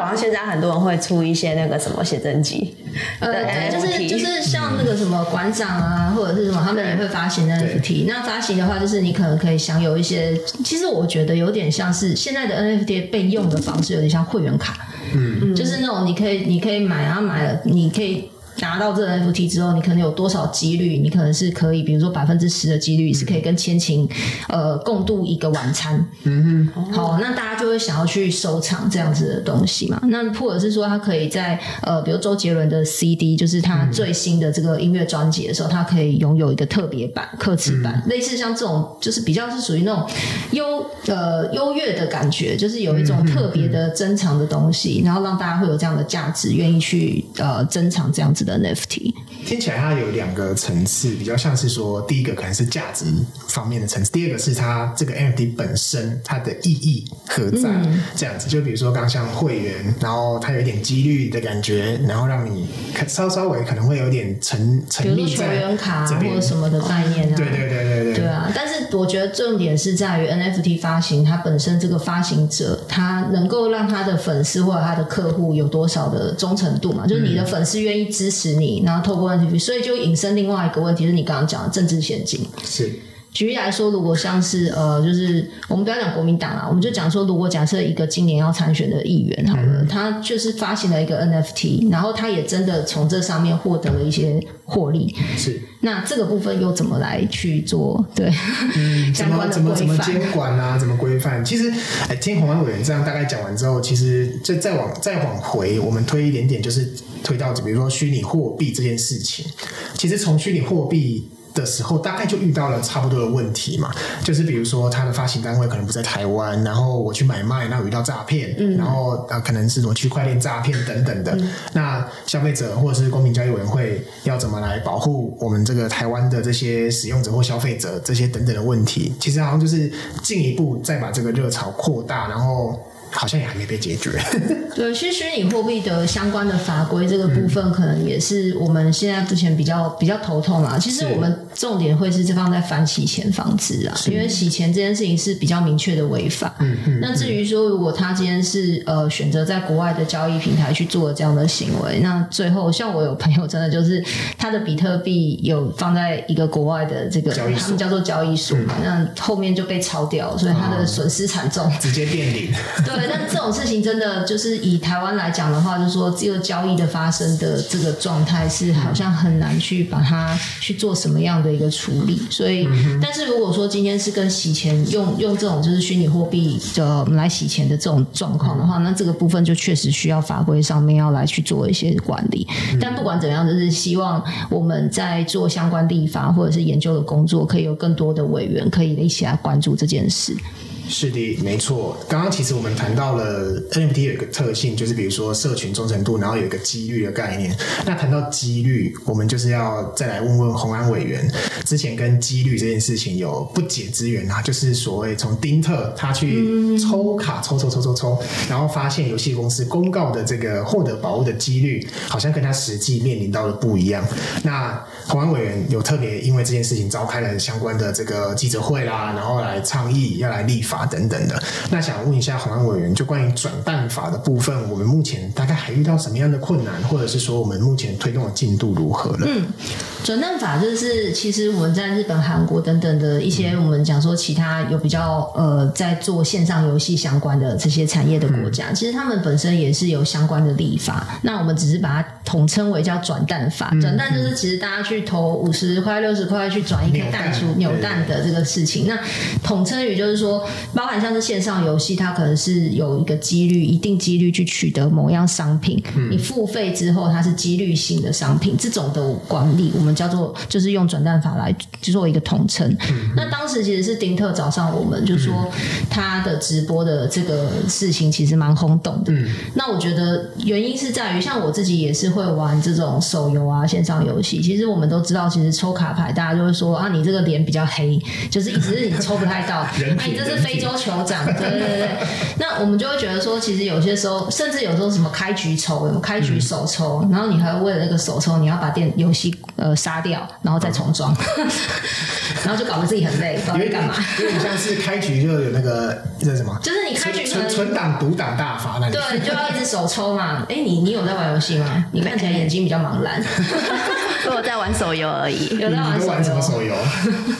好像現在很多人會出一些那個什麼寫真集，呃，對就是就是像那個什麼館長啊、嗯，或者是什麼，他們也會發行 NFT。那發行的話，就是你可能可以享有一些，其實我覺得有點像是現在的 NFT 被用的方式，有點像會員卡，嗯，就是那種你可以你可以買啊，啊買了你可以。拿到這個 NFT 之後，你可能有多少幾率？你可能是可以，比如說百分之十的幾率，是可以跟千晴、嗯、呃共度一個晚餐。嗯嗯。好，那大家就會想要去收藏這樣子的東西嘛？那或者是說，他可以在呃，比如周杰倫的 CD，就是他最新的這個音樂專輯的時候，嗯、他可以擁有一個特別版、刻詞版、嗯，類似像這種，就是比較是屬於那種優呃優越的感覺，就是有一種特別的珍藏的東西、嗯，然後讓大家會有這樣的價值，願意去呃珍藏這樣子的。NFT 聽起來它，有兩個層次，比較像是說，第一個可能是價值方面的層次，第二個是它這個 NFT 本身它的意義何在、嗯、這樣子。就比如說剛像會員，然後它有點幾率的感覺，然後讓你稍稍微可能會有點沉沉，比如說球員卡或者什麼的概念、啊哦，對對對對對，對啊。但是我覺得重點是在於 NFT 發行，它本身這個發行者，他能夠讓他的粉絲或者他的客戶有多少的忠誠度嘛？就是你的粉絲願意支持。嗯是你，然後透過問題，所以就引申另外一個問題，是你剛剛講的政治獻金。是。舉例來說，如果像是呃，就是我們不要講國民黨啊，我們就講說，如果假設一個今年要參選的議員，好了，嗯，他就是發行了一個 NFT，然後他也真的從這上面獲得了一些獲利，嗯。是。那這個部分又怎麼來去做？對，嗯、怎麼怎麼怎麼監管啊？怎麼規範？其實，哎、欸，聽虹安委員這樣大概講完之後，其實再再往再往回，我們推一點點，就是推到比如說虛擬貨幣這件事情。其實從虛擬貨幣。的時候，大概就遇到了差不多的問題嘛，就是比如說他的發行單位可能不在台灣，然後我去買賣，那我遇到詐騙，然後啊，可能是什麼區塊鏈詐騙等等的。嗯、那消費者或者是公平交易委員會要怎麼來保護我們這個台灣的這些使用者或消費者這些等等的問題？其實好像就是進一步再把這個熱潮擴大，然後。好像也還沒被解決 [LAUGHS] 。對，其實虛擬貨幣的相關的法規這個部分，可能也是我們現在目前比較比較頭痛啊。其實我們。重點會是這方面在反洗錢防治啊，因為洗錢這件事情是比較明確的違法。嗯嗯。那、嗯、至於說，如果他今天是呃選擇在國外的交易平台去做這樣的行為，嗯、那最後像我有朋友真的就是他的比特幣有放在一個國外的這個交易他們叫做交易所，那、嗯、後，後面就被抄掉，所以他的損失慘重，重，直接墊底 [LAUGHS] 對，那這種事情真的就是以台灣來講的話，就是說這個交易的發生的這個狀態是好像很難去把它去做什麼樣的、嗯。的一個處理，所以、嗯，但是如果說今天是跟洗錢用用這種就是虛擬貨幣的我們來洗錢的這種狀況的話，嗯、那這個部分就確實需要法規上面要來去做一些管理、嗯。但不管怎樣，就是希望我們在做相關立法或者是研究的工作，可以有更多的委員可以一起來關注這件事。是的，沒錯。剛剛其實我們談到了 NFT 有一個特性，就是比如說社群忠誠度，然後有一個幾率的概念。那談到幾率，我們就是要再來問問虹安委員，之前跟幾率這件事情有不解之緣啊，就是所謂從丁特他去抽卡抽抽抽抽抽，然後發現遊戲公司公告的這個獲得寶物的幾率，好像跟他實際面臨到的不一樣。那虹安委員有特別因為這件事情召開了相關的這個記者會啦，然後來倡議要來立法。啊，等等的，那想問一下虹安委員，就關於轉蛋法的部分，我們目前大概還遇到什麼樣的困難，或者是說我們目前推動的進度如何呢？嗯，轉蛋法就是其實我們在日本、韓國等等的一些我們講說其他有比較呃在做線上遊戲相關的這些產業的國家、嗯，其實他們本身也是有相關的立法，那我們只是把它統稱為叫轉蛋法。轉蛋、嗯、就是其實大家去投五十塊、六十塊去轉一顆蛋出扭蛋的這個事情。嗯嗯、那統稱於就是說。包含像是線上遊戲，它可能是有一個機率，一定機率去取得某樣商品。嗯、你付費之後，它是機率性的商品，這種的管理我們叫做就是用轉蛋法來做一個統稱、嗯。那當時其實是丁特找上我們，就說他的直播的這個事情其實蠻轟動的、嗯。那我覺得原因是在於，像我自己也是會玩這種手遊啊，線上遊戲。其實我們都知道，其實抽卡牌大家就會說啊，你這個臉比較黑，就是一直是你抽不太到， [LAUGHS] 人體人體欸、這是非。非洲酋長，對對對那我們就會覺得說，其實有些時候，甚至有時候什麼開局抽，什麼開局首抽，然後你還要為了那個首抽，你要把電遊戲呃殺掉，然後再重裝，嗯、 [LAUGHS] 然後就搞得自己很累。因為幹嘛？因為你像是開局就有那個那什麼，就是你開局存存檔讀檔大法，那種。對，你就要一直首抽嘛。哎、欸，你你有在玩遊戲嗎？你看起來眼睛比較茫然。 [LAUGHS] 我在玩手遊而已、嗯，有在玩,玩什麼手遊？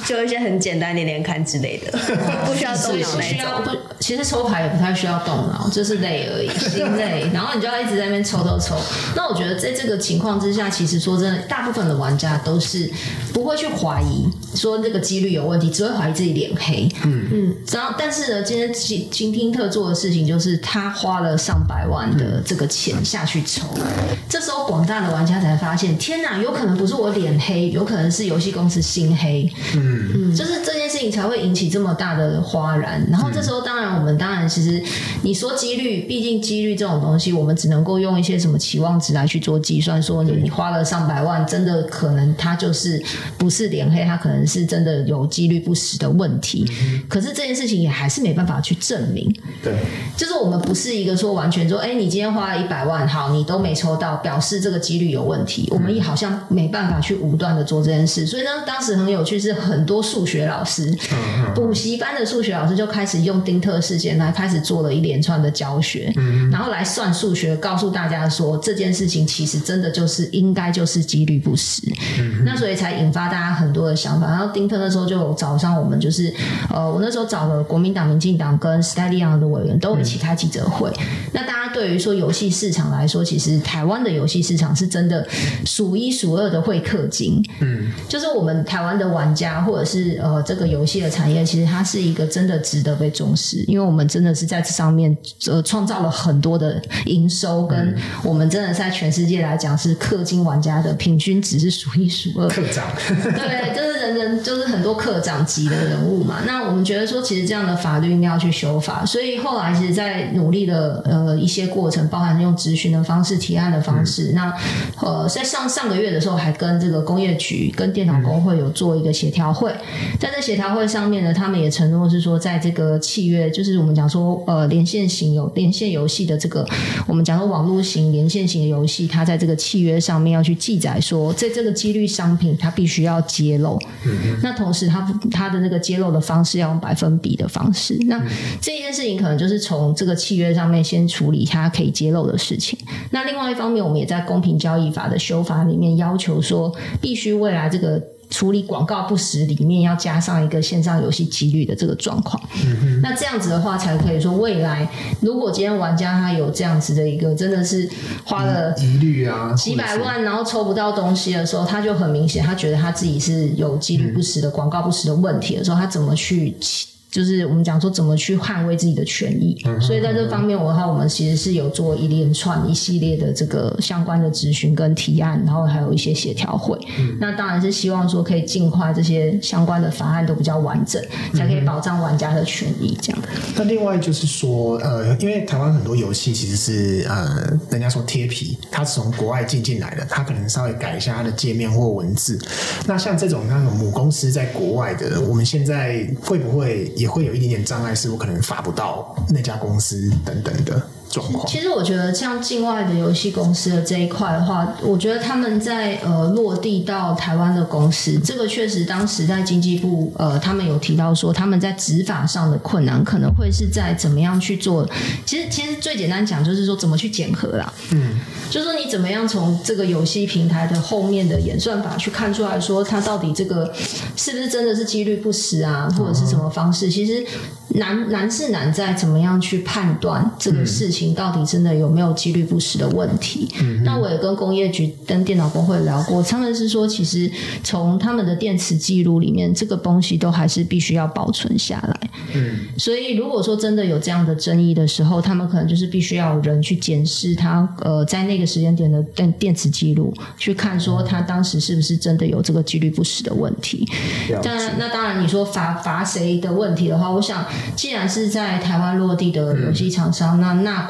就一些很簡單連連看之類的， [LAUGHS] 不需要動。需要不？其實抽牌也不太需要動腦，就是累而已，心累。 [LAUGHS] 然後你就要一直在那邊抽抽抽。那我覺得在這個情況之下，其實說真的，大部分的玩家都是不會去懷疑。說這個幾率有問題，只會懷疑自己臉黑。嗯嗯。然後，但是呢，今天傾傾聽特做的事情就是，他花了上百萬的這個錢、嗯、下去抽、嗯。這時候，廣大的玩家才發現，天哪，有可能不是我臉黑，有可能是遊戲公司心黑。嗯嗯。就是這件事情才會引起這麼大的譁然。然後，這時候當然我們當然其實你說幾率，畢竟幾率這種東西，我們只能夠用一些什麼期望值來去做計算。說你你花了上百萬，真的可能他就是不是臉黑，他可能。是真的有幾率不實的問題、嗯，可是這件事情也還是沒辦法去證明。對，就是我們不是一個說完全說，哎、欸，你今天花了一百萬，好，你都沒抽到，表示這個幾率有問題。我們也好像沒辦法去無端的做這件事。嗯、所以呢，當時很有趣，是很多數學老師，補、嗯、習班的數學老師就開始用丁特事件來開始做了一連串的教學，嗯、然後來算數學，告訴大家說這件事情其實真的就是應該就是幾率不實、嗯。那所以才引發大家很多的想法。然後丁特那時候就有找上我們，就是呃，我那時候找了國民黨、民進黨跟時代力量的委員都一起開記者會。嗯。那大家對於說遊戲市場來說，其實台灣的遊戲市場是真的數一數二的會氪金。嗯，就是我們台灣的玩家或者是呃這個遊戲的產業，其實它是一個真的值得被重視，因為我們真的是在這上面呃創造了很多的營收，跟我們真的在全世界來講是氪金玩家的平均值是數一數二的。氪金，對，對對。就是很多科長級的人物嘛，那我們覺得說，其實這樣的法律應該要去修法，所以後來其實，在努力的呃一些過程，包含用質詢的方式、提案的方式，嗯、那呃在上上個月的時候，還跟這個工業局、跟電腦工會有做一個協調會、嗯。在這協調會上面呢，他們也承諾是說，在這個契約，就是我們講說呃連線型有連線遊戲的這個，我們講說網絡型連線型的遊戲，它在這個契約上面要去記載說，在這個幾率商品，它必須要揭露。 [NOISE] 那同時他，他他的那個揭露的方式要用百分比的方式。那這件事情可能就是從這個契約上面先處理他可以揭露的事情。那另外一方面，我們也在公平交易法的修法裡面要求說，必須未來這個。處理廣告不實裡面要加上一個線上遊戲幾率的這個狀況，嗯嗯，那這樣子的話才可以說未來，如果今天玩家他有這樣子的一個真的是花了幾率啊幾百萬，然後抽不到東西的時候，他就很明顯，他覺得他自己是有幾率不實的廣告不實的問題的時候，他怎麼去？就是我們講說怎麼去捍衛自己的權益，嗯哼嗯哼，所以在這方面的話，我們其實是有做一連串，一系列的這個相關的質詢跟提案，然後還有一些協調會，嗯。那當然是希望說可以儘快這些相關的法案都比較完整，嗯，才可以保障玩家的權益。這樣，嗯。那另外就是說，呃，因為台灣很多遊戲其實是呃，人家說貼皮，它是從國外進進來的，它可能稍微改一下它的界面或文字。那像這種那種母公司在國外的，我們現在會不會？也會有一點點障礙，是我可能罰不到那家公司等等的。其實我覺得，像境外的遊戲公司的這一塊的話，我覺得他們在呃落地到台灣的公司，這個確實當時在經濟部呃他們有提到說，他們在執法上的困難，可能會是在怎麼樣去做。其實，其實最簡單講，就是說怎麼去檢核啦，嗯，就是說你怎麼樣從這個遊戲平台的後面的演算法，去看出來說，它到底這個是不是真的是幾率不實啊、哦，或者是什麼方式？其實難難是難在怎麼樣去判斷這個事情。嗯到底真的有沒有幾率不實的問題、嗯？那我也跟工業局跟電腦公會聊過，他們是說，其實從他們的電磁記錄裡面，這個東西都還是必須要保存下來。嗯，所以如果說真的有這樣的爭議的時候，他們可能就是必須要有人去檢視他呃，在那個時間點的電電磁記錄，去看說他當時是不是真的有這個幾率不實的問題。當、嗯、然，那當然你說罰罰誰的問題的話，我想既然是在台灣落地的遊戲廠商，嗯、那那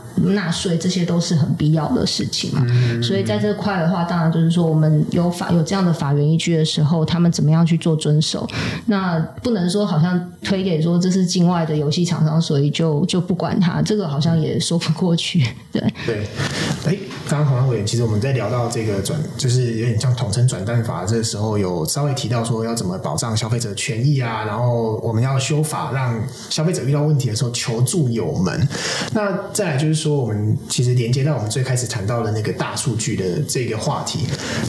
納稅這些都是很必要的事情嘛，所以在這塊的話，當然就是說我們有法有這樣的法源依據的時候，他們怎麼樣去做遵守？那不能說好像推給說這是境外的遊戲廠商，所以就就不管他，這個好像也說不過去，嗯。對對，哎，欸，剛剛虹安委員，其實我們在聊到這個轉，就是有點像統稱轉蛋法，這個時候有稍微提到說要怎麼保障消費者權益啊，然後我們要修法讓消費者遇到問題的時候求助有門。那再來就是。就是、說我們其實連接到我們最開始談到的那個大數據的這個話題，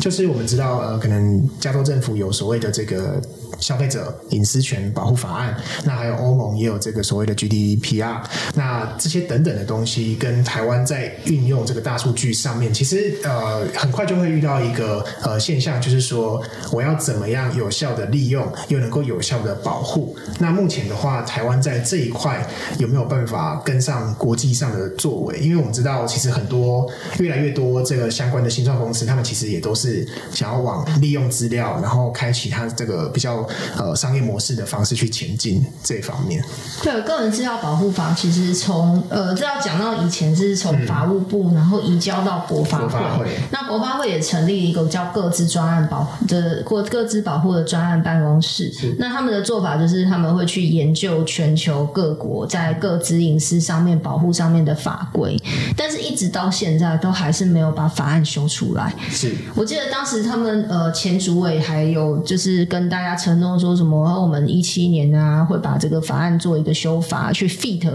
就是我們知道呃，可能加州政府有所謂的這個。消費者隱私權保護法案，那還有歐盟也有這個所謂的 GDPR，那這些等等的東西跟台灣在運用這個大數據上面，其實呃很快就會遇到一個呃現象，就是說我要怎麼樣有效的利用，又能夠有效的保護。那目前的話，台灣在這一塊有沒有辦法跟上國際上的作為？因為我們知道，其實很多越來越多這個相關的新創公司，他們其實也都是想要往利用資料，然後開啟他這個比較。呃，商業模式的方式去前進這一方面，對個人資料保護法，其實從呃，這要講到以前是從法務部，然後移交到國發會，國發會，那國發會也成立一個叫個資專案保，就是、個資保的或個資保護的專案辦公室。那他們的做法就是他們會去研究全球各國在個資隱私上面保護上面的法規，但是一直到現在都還是沒有把法案修出來。是我記得當時他們呃前主委還有就是跟大家陳。承諾說什麼？然後我們一七年啊，會把這個法案做一個修法，去 fit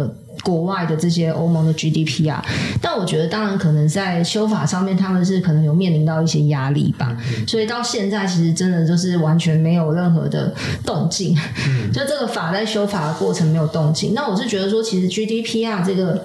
國外的這些歐盟的 GDPR。但我覺得，當然可能在修法上面，他們是可能有面臨到一些壓力吧。所以到現在，其實真的就是完全沒有任何的動靜。就這個法在修法的過程沒有動靜。那我是覺得說，其實 GDPR 這個。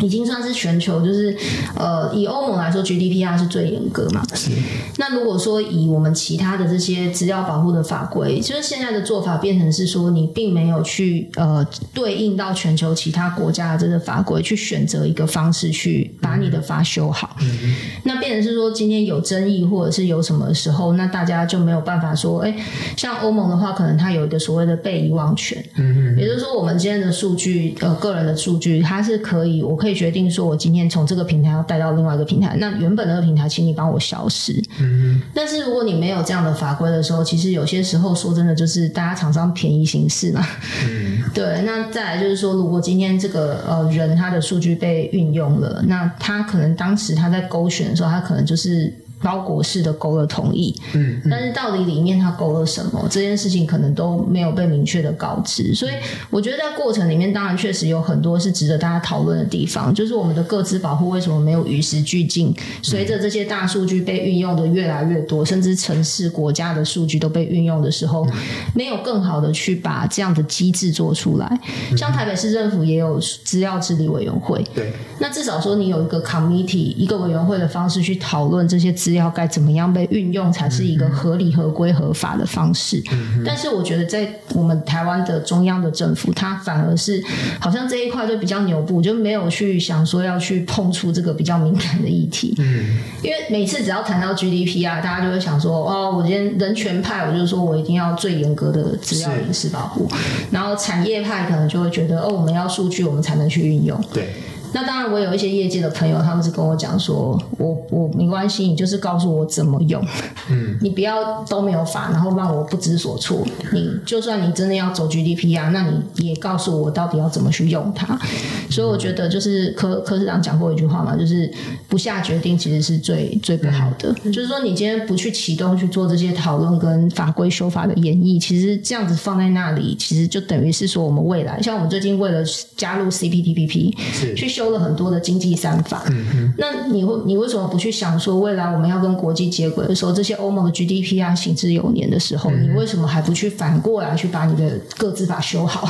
已經算是全球，就是呃，以歐盟來說，GDPR 是最嚴格嘛。是。那如果說以我們其他的這些資料保護的法規，就是現在的做法變成是說，你並沒有去呃對應到全球其他國家的這個法規，去選擇一個方式去把你的法修好。嗯。那變成是說，今天有爭議或者是有什麼時候，那大家就沒有辦法說，哎，像歐盟的話，可能它有一個所謂的被遺忘權。嗯嗯。也就是說，我們今天的數據，呃，個人的數據，它是可以我。可以決定說，我今天從這個平台要帶到另外一個平台，那原本那個平台，請你幫我消失。嗯，但是如果你沒有這樣的法規的時候，其實有些時候說真的，就是大家廠商便宜行事嘛。嗯，對。那再來就是說，如果今天這個呃人他的數據被運用了，那他可能當時他在勾選的時候，他可能就是。包裹式的勾勒同意嗯，嗯，但是到底裡面他勾勒什麼，這件事情可能都沒有被明確的告知，所以我覺得在過程裡面，當然確實有很多是值得大家討論的地方，就是我們的個資保護為什麼沒有與時俱進？隨着這些大數據被運用的越來越多，甚至城市、國家的數據都被運用的時候，沒有更好的去把這樣的機制做出來。像台北市政府也有資料治理委員會，對，那至少說你有一個 committee，一個委員會的方式去討論這些資。要該怎麼樣被運用才是一個合理、合規、合法的方式？嗯、但是我覺得，在我們台灣的中央的政府、嗯，它反而是好像這一塊就比較牛步，就沒有去想說要去碰觸這個比較敏感的議題、嗯。因為每次只要談到 GDP 啊，大家就會想說，哦，我今天人權派，我就說我一定要最嚴格的資料隱私保護；然後產業派可能就會覺得，哦，我們要數據，我們才能去運用。對。那當然，我有一些業界的朋友，他們是跟我講說，我我沒關係，你就是告訴我怎麼用，嗯，你不要都沒有法，然後讓我不知所措。你就算你真的要走 GDP 啊，那你也告訴我到底要怎麼去用它。嗯、所以我覺得，就是柯柯市長講過一句話嘛，就是不下決定其實是最最不好的。嗯、就是說，你今天不去啟動去做這些討論跟法規修法的演繹，其實這樣子放在那裡，其實就等於是說，我們未來像我們最近為了加入 CPTPP 去修。修了很多的經濟三法，嗯嗯，那你你為什麼不去想說，未來我們要跟國際接軌的時候，這些歐盟的 GDP 啊，行之有年的時候，嗯，你為什麼還不去反過來去把你的個資法修好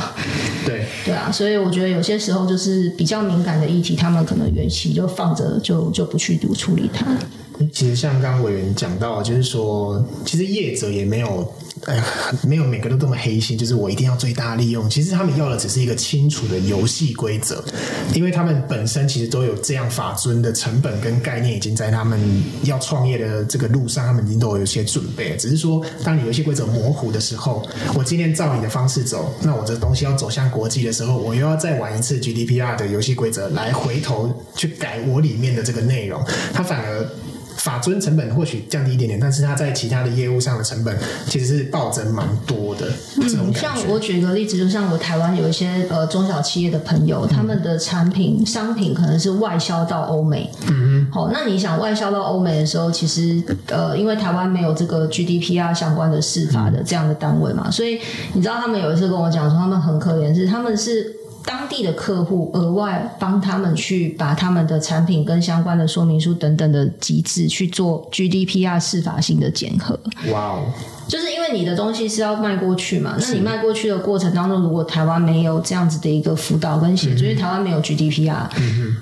對？對啊，所以我覺得有些時候就是比較敏感的議題，他們可能原期就放着，就就不去讀處理它。嗯、其實像剛剛委員講到，就是說，其實業者也沒有。哎，沒有每個都這麼黑心，就是我一定要最大利用。其實他們要的只是一個清楚的遊戲規則，因為他們本身其實都有這樣法遵的成本跟概念，已經在他們要創業的這個路上，他們已經都有些準備。只是說，當你遊戲規則模糊的時候，我今天照你的方式走，那我的東西要走向國際的時候，我又要再玩一次 GDPR 的遊戲規則，來回頭去改我裡面的這個內容，他反而。法遵成本或許降低一點點，但是他在其他的業務上的成本其實是暴增蠻多的。嗯這種感覺，像我舉個例子，就像我台灣有一些呃中小企業的朋友，嗯、他們的產品商品可能是外銷到歐美。嗯嗯。好、哦，那你想外銷到歐美的時候，其實呃，因為台灣沒有這個 GDPR 相關的司法的這樣的單位嘛，所以你知道他們有一次跟我講說，他們很可憐，是他們是。當地的客戶額外幫他們去把他們的產品跟相關的說明書等等的機制去做 GDPR 適法性的檢核。Wow. 就是因為你的東西是要賣過去嘛，那你賣過去的過程當中，如果台灣沒有這樣子的一個輔導跟協助，因為台灣沒有 GDPR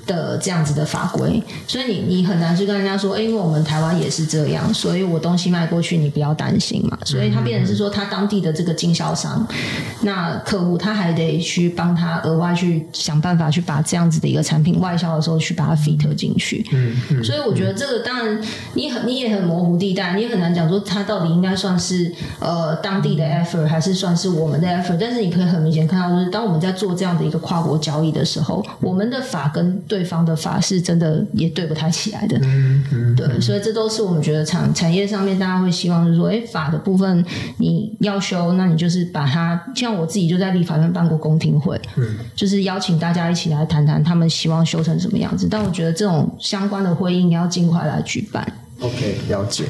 的這樣子的法規，嗯、所以你你很難去跟人家說、欸，因為我們台灣也是這樣，所以我東西賣過去你不要擔心嘛。所以他變成是說，他當地的這個經銷商，嗯、那客戶他還得去幫他額外去想辦法去把這樣子的一個產品外銷的時候去把它 fit 進去。嗯嗯。所以我覺得這個當然你很你也很模糊地帶，你也很難講說他到底應該算是。是呃，當地的 effort 還是算是我們的 effort？但是你可以很明顯看到，就是當我們在做這樣的一個跨國交易的時候、嗯，我們的法跟對方的法是真的也對不太起來的。嗯嗯。對，所以這都是我們覺得產產業上面大家會希望就是說，哎、欸，法的部分你要修，那你就是把它。像我自己就在立法院辦過公聽會，嗯，就是邀請大家一起來談談他們希望修成什麼樣子。但我覺得這種相關的會議要盡快來舉辦。OK，了解。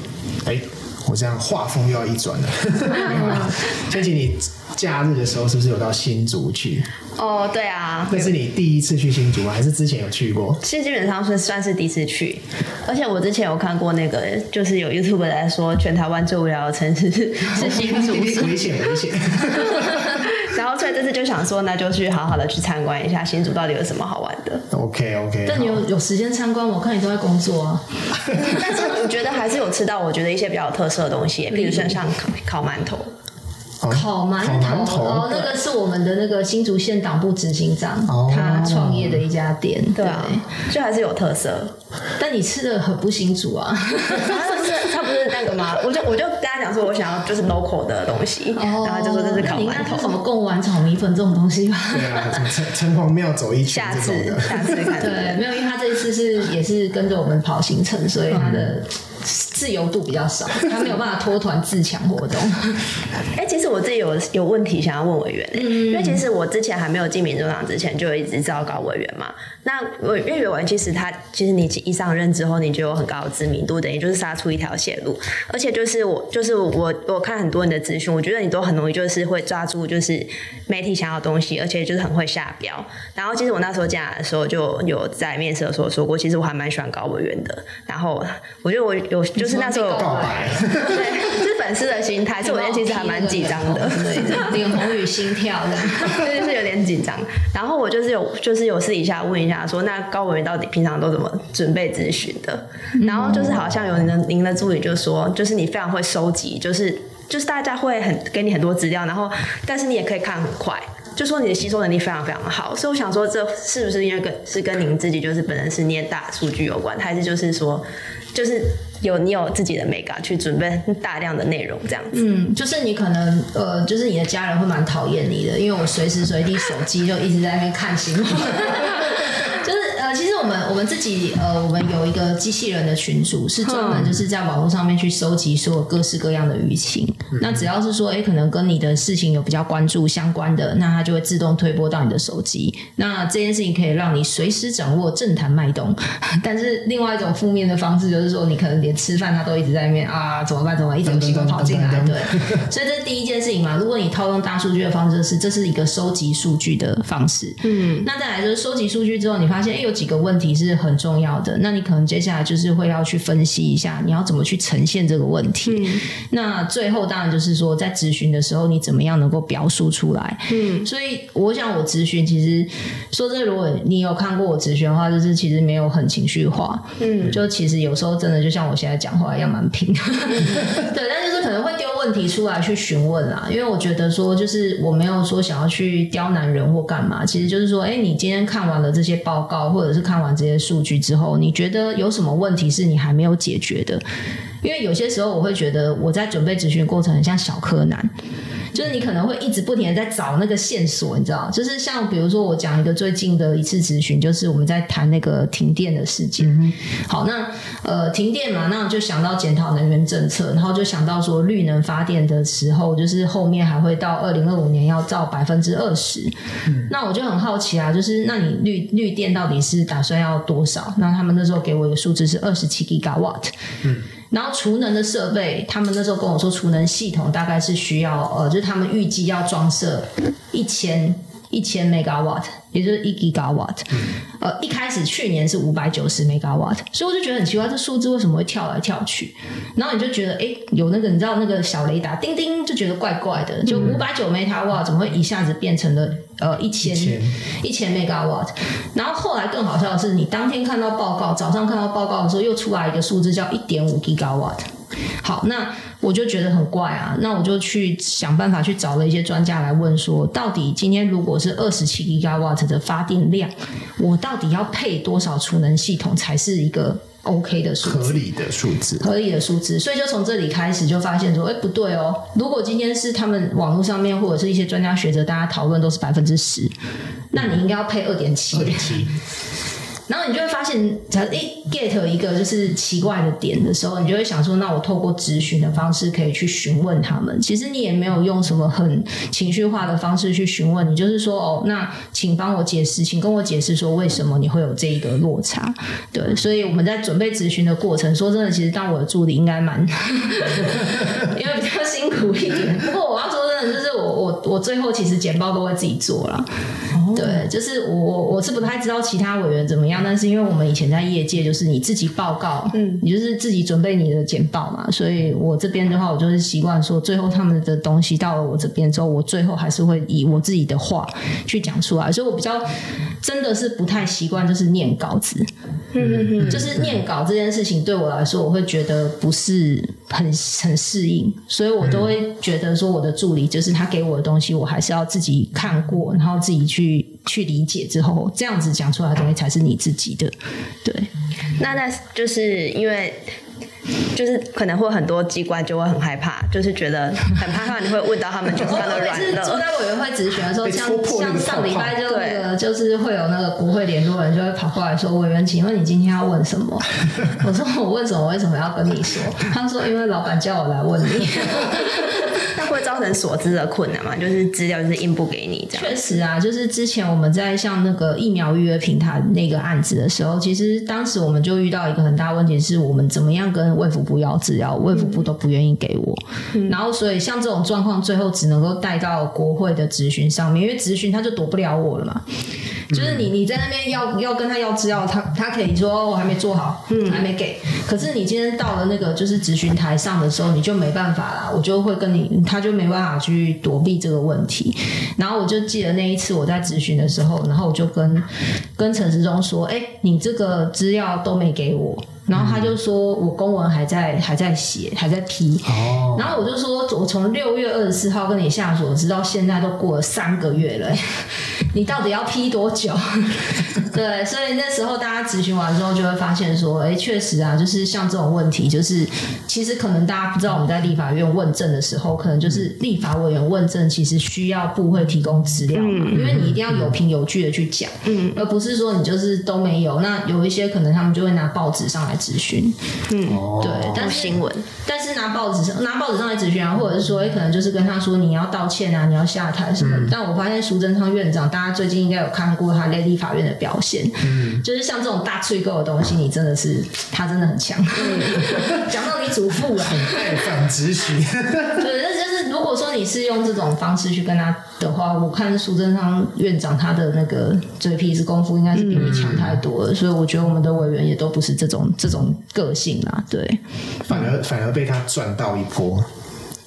欸我這樣畫風又要一轉了 [LAUGHS] 沒有嗎，嘉琪，你假日的時候是不是有到新竹去？哦、oh,，對啊，那是你第一次去新竹嗎？還是之前有去過？其實基本上是算是第一次去，而且我之前有看過那個，就是有 YouTuber 來說全台灣最無聊的城市是新竹，危 [LAUGHS] 險危險。危險 [LAUGHS] 這次就想說，那就去好好的去參觀一下新竹到底有什麼好玩的。OK OK。但你有有時間參觀，我看你都在工作啊。 [LAUGHS] [LAUGHS] 但是我覺得還是有吃到我覺得一些比較有特色的東西，比如說像烤 [LAUGHS] 烤饅頭，烤饅頭哦，oh, 頭 oh, 那個是我們的那個新竹縣黨部執行長、oh. 他創業的一家店，oh. 對，對就還是有特色。 [LAUGHS] 但你吃的很不新竹啊，差 [LAUGHS] 他是 [LAUGHS] 不多。我就我就跟他講說，我想要就是 local、no、的東西、哦，然後就說這是看完頭什麼貢丸炒米粉這種東西吧，對 [LAUGHS] 啊，城隍廟走一圈這種的，對，沒有，因為他這一次是也是跟着我們跑行程，所以他的自由度比較少，他沒有辦法脫團自強活動， [LAUGHS] 我自己有有問題想要問委員，欸嗯嗯，因為其實我之前還沒有進民眾黨之前，就一直知道高委員嘛。那我因為委員其實他其實你一上任之後，你就有很高的知名度，等於就是殺出一條血路。而且就是我就是我我,我看很多人的資訊，我覺得你都很容易就是會抓住就是媒體想要的東西，而且就是很會下標。然後其實我那時候進來的時候，就有在面試的時候說過，其實我還蠻喜歡高委員的。然後我覺得我有就是那時候 [LAUGHS] 對，就是粉絲的心態，所以我現在其實還蠻緊張。對對對哦、對真的已臉紅與心跳，這的，就是有點緊張。然後我就是有，就是有私底一下問一下說，說那高委員，到底平常都怎麼準備諮詢的？嗯、然後就是好像有您的您的助理就是說，就是你非常會收集，就是就是大家會很給你很多資料，然後但是你也可以看很快，就說你的吸收能力非常非常好。所以我想說，這是不是因為，跟是跟您自己就是本人是念大數據有關，還是就是說就是。有你有自己的 m e 去準備大量的內容這樣子，嗯，就是你可能呃，就是你的家人會蠻討厭你的，因為我隨時隨地手機就一直在那邊看新聞。 [LAUGHS] 就是呃，其實我們我們自己呃，我們有一個機器人的群組，是專門就是在網絡上面去收集所有各式各樣的輿情、嗯。那只要是說，哎、欸，可能跟你的事情有比較關注相關的，那它就會自動推播到你的手機。那這件事情可以讓你隨時掌握政壇脈動，但是另外一種負面的方式就是說，你可能連吃飯他都一直在那邊啊，怎麼辦？怎麼辦？一直喜都跑進來，啊，對。所以這是第一件事情嘛。如果你套用大數據的方式是，是這是一個收集數據的方式。嗯。那再來就是收集數據之後，你發現哎、欸，有幾個問題是很重要的。那你可能接下來就是會要去分析一下，你要怎麼去呈現這個問題。嗯、那最後當然就是說，在質詢的時候，你怎麼樣能夠表述出來？嗯。所以我想，我質詢其實說真的，如果你有看過我質詢的話，就是其實沒有很情緒化。嗯。就其實有時候真的就像我。現在講話要蠻平， [LAUGHS] [LAUGHS] 對，但就是可能會丟問題出來去詢問啦。因為我覺得說，就是我沒有說想要去刁難人或幹嘛，其實就是說，誒、欸，你今天看完了這些報告或者是看完這些數據之後，你覺得有什麼問題是你還沒有解決的？因為有些時候我會覺得我在準備質詢過程很像小柯南。就是你可能會一直不停的在找那個線索，你知道？就是像比如說我講一個最近的一次質詢，就是我們在談那個停電的事情、嗯。好，那呃，停電嘛，那就想到檢討能源政策，然後就想到說，綠能發電的時候，就是後面還會到二零二五年要造百分之二十。那我就很好奇啊，就是那你綠綠電到底是打算要多少？那他們那時候給我一個數字是二十七 GW 嗯。然後儲能的設備，他們那時候跟我說，儲能系統大概是需要呃，就是他們預計要裝設一千一千 megawatt。也就是一吉瓦特，呃，一開始去年是五百九十兆瓦，所以我就覺得很奇怪，這數字為什麼會跳來跳去？然後你就覺得，哎、欸，有那個你知道那個小雷達叮叮，就覺得怪怪的，就五百九兆瓦怎麼會一下子變成了呃一千一千兆瓦？然後後來更好笑的是，你當天看到報告，早上看到報告的時候又出來一個數字叫一點五吉瓦特。好，那。我就覺得很怪啊，那我就去想辦法去找了一些專家來問說，到底今天如果是二十七吉瓦的發電量，我到底要配多少儲能系統才是一個 OK 的數字？合理的數字，合理的數字、嗯。所以就從這裡開始就發現說，哎、欸，不對哦，如果今天是他們網絡上面或者是一些專家學者大家討論都是百分之十，那你應該要配二點七，二點七。然後你就會發現，才、欸、get 一個就是奇怪的點的時候，你就會想說，那我透過質詢的方式可以去詢問他們。其實你也沒有用什麼很情緒化的方式去詢問，你就是說，哦，那請幫我解釋，請跟我解釋說為什麼你會有這一個落差。對，所以我們在準備質詢的過程，說真的，其實當我的助理應該蠻，因為比較辛苦一點，我最後其實簡報都會自己做了，oh，對，就是我我我是不太知道其他委員怎麼樣，但是因為我們以前在業界，就是你自己報告，嗯，你就是自己準備你的簡報嘛，所以我這邊的話，我就是習慣說，最後他們的東西到了我這邊之後，我最後還是會以我自己的話去講出來，所以我比較真的是不太習慣就是念稿子。嗯嗯嗯，就是念稿這件事情對我來說，我會覺得不是很很適應，所以我都會覺得說，我的助理就是他給我的東西，我還是要自己看過，然後自己去去理解之後，這樣子講出來的東西才是你自己的。對，那那就是因為。就是可能會很多機關就會很害怕，就是覺得很怕，怕你會問到他們相關的軟是坐在委員會質詢的時候，像像上禮拜就那個，就是會有那個國會聯絡人就會跑過來說：“委員，請問你今天要問什麼？” [LAUGHS] 我說：“我問什麼？我為什麼要跟你說？”他說：“因為老闆叫我來問你。 [LAUGHS] ”那會造成所知的困難嘛？就是資料就是硬不給你這樣。確實啊，就是之前我們在像那個疫苗預約平台那個案子的時候，其實當時我們就遇到一個很大問題，是我們怎麼樣跟。衛福部要資料，衛福部都不願意給我、嗯，然後所以像這種狀況，最後只能夠帶到國會的質詢上面，因為質詢他就躲不了我了嘛。嗯、就是你你在那邊要要跟他要資料，他他可以說我還沒做好，嗯，還沒給。可是你今天到了那個就是質詢台上的時候，你就沒辦法啦，我就會跟你，他就沒辦法去躲避這個問題。然後我就記得那一次我在質詢的時候，然後我就跟跟陳時中說：“誒、欸，你這個資料都沒給我。”然後他就說：“我公文還在、嗯，還在寫，還在批。”哦。然後我就說：“我從六月二十四號跟你下鎖，直到現在都過了三個月了， [LAUGHS] 你到底要批多久？” [LAUGHS] 對。所以那時候大家質詢完之後，就會發現說：“哎，確實啊，就是像這種問題，就是其實可能大家不知道我們在立法院問政的時候，可能就是立法委員問政，其實需要部會提供資料嘛、嗯、因為你一定要有憑有據的去講，嗯，而不是說你就是都沒有。那有一些可能他們就會拿報紙上來。”質詢，嗯，對，但新聞，但是拿報紙上拿報紙上來質詢啊，或者是說，可能就是跟他說你要道歉啊，你要下台什麼、嗯？但我發現蘇貞昌院長，大家最近應該有看過他在立法院的表現，嗯，就是像這種答嘴鼓的東西，你真的是他真的很強。講、嗯、 [LAUGHS] 到你祖父了，反質詢， [LAUGHS] 對，那就是如果說你是用這種方式去跟他的話，我看蘇貞昌院長他的那個嘴皮子功夫，應該是比你強太多了、嗯，所以我覺得我們的委員也都不是這種。這種個性啦、啊，對，反而反而被他賺到一波、嗯，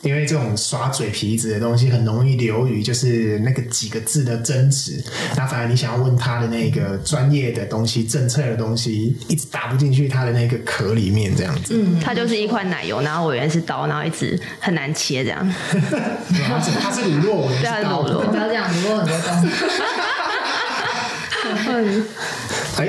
因為這種耍嘴皮子的東西很容易流於，就是那個幾個字的爭執，那、嗯、反而你想要問他的那個專業的東西、政策的東西，一直打不進去他的那個殼裡面，這樣子。嗯，它就是一塊奶油，然後我原來是刀，然後一直很難切，這樣。哈哈哈哈哈。不要講，乳酪很多東西。 [LAUGHS] [LAUGHS] [LAUGHS] 哎，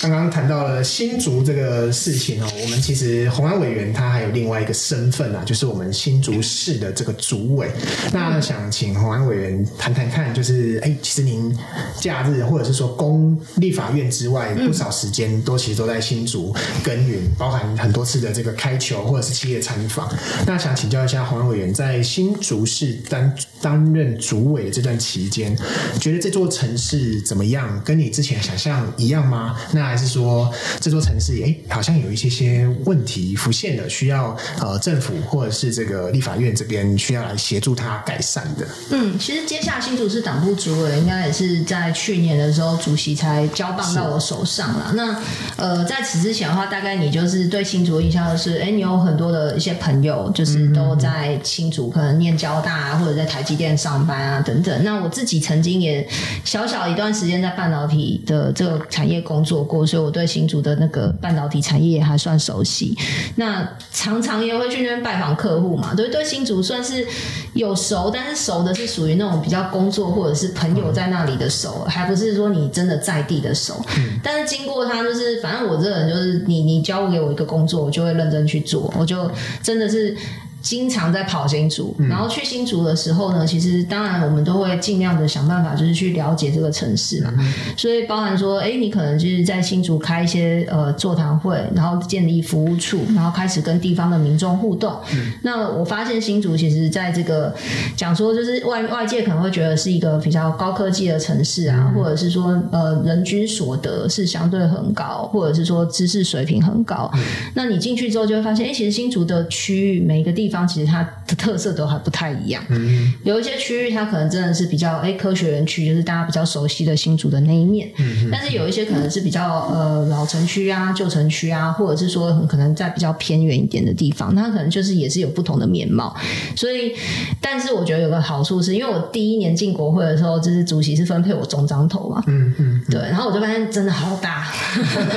剛剛談到了新竹這個事情哦，我們其實虹安委員他還有另外一個身份啊，就是我們新竹市的這個主委。那想請虹安委員談談看，就是哎，其實您假日或者是說公立法院之外，不少時間都其實都在新竹耕耘，包含很多次的這個開球或者是企業參訪。那想請教一下虹安委員，在新竹市擔擔任主委的這段期間，覺得這座城市怎麼樣？跟你之前想象一樣一樣嗎？那還是說這座城市也，哎、欸，好像有一些些問題浮現了，需要呃政府或者是這個立法院這邊需要來協助它改善的。嗯，其實接下來新竹是黨部主委，應該也是在去年的時候主席才交棒到我手上了。那呃在此之前的話，大概你就是對新竹的印象的、就是，哎、欸，你有很多的一些朋友就是都在新竹，可能念交大、啊、或者在台積電上班啊等等。那我自己曾經也小小一段時間在半導體的這個。產業工作過，所以我對新竹的那個半導體產業也還算熟悉。那常常也會去那邊拜訪客戶嘛，對對，新竹算是有熟，但是熟的是屬於那種比較工作或者是朋友在那裡的熟，還不是說你真的在地的熟。嗯，但是經過他就是，反正我這個人就是你，你你交給我一個工作，我就會認真去做，我就真的是。經常在跑新竹，嗯，然後去新竹的時候呢，其實當然我們都會盡量的想辦法，就是去了解這個城市嘛。嗯、所以包含說，哎，你可能就是在新竹開一些，呃、座談會，然後建立服務處，然後開始跟地方的民眾互動。嗯、那我發現新竹其實在這個、嗯、講說，就是外外界可能會覺得是一個比較高科技的城市啊，嗯、或者是說、呃、人均所得是相對很高，或者是說知識水平很高。嗯、那你進去之後就會發現，哎，其實新竹的區域每一個地方。其實它的特色都還不太一樣，嗯、有一些區域它可能真的是比較哎、欸、科學園區，就是大家比較熟悉的新竹的那一面。嗯、但是有一些可能是比較呃老城區啊、舊城區啊，或者是說很可能在比較偏遠一點的地方，它可能就是也是有不同的面貌。所以，但是我覺得有個好處是，因為我第一年進國會的時候，就是主席是分配我中彰投嘛，嗯嗯，對，然後我就發現真的好大。 [LAUGHS] [LAUGHS]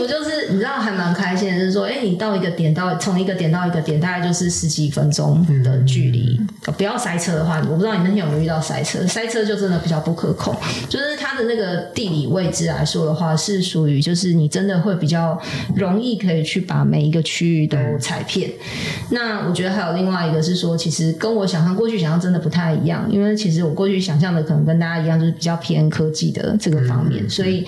我就是你知道還蠻開心的就是說，哎、欸，你到一個點到，到從一個點到一個點，大概就是十幾分鐘的距離。不要塞車的話，我不知道你那天有沒有遇到塞車。塞車就真的比較不可控。就是它的那個地理位置來說的話，是屬於就是你真的會比較容易可以去把每一個區域都踩遍。那我覺得還有另外一個是說，其實跟我想象過去想象真的不太一樣，因為其實我過去想象的可能跟大家一樣，就是比較偏科技的這個方面。嗯、所以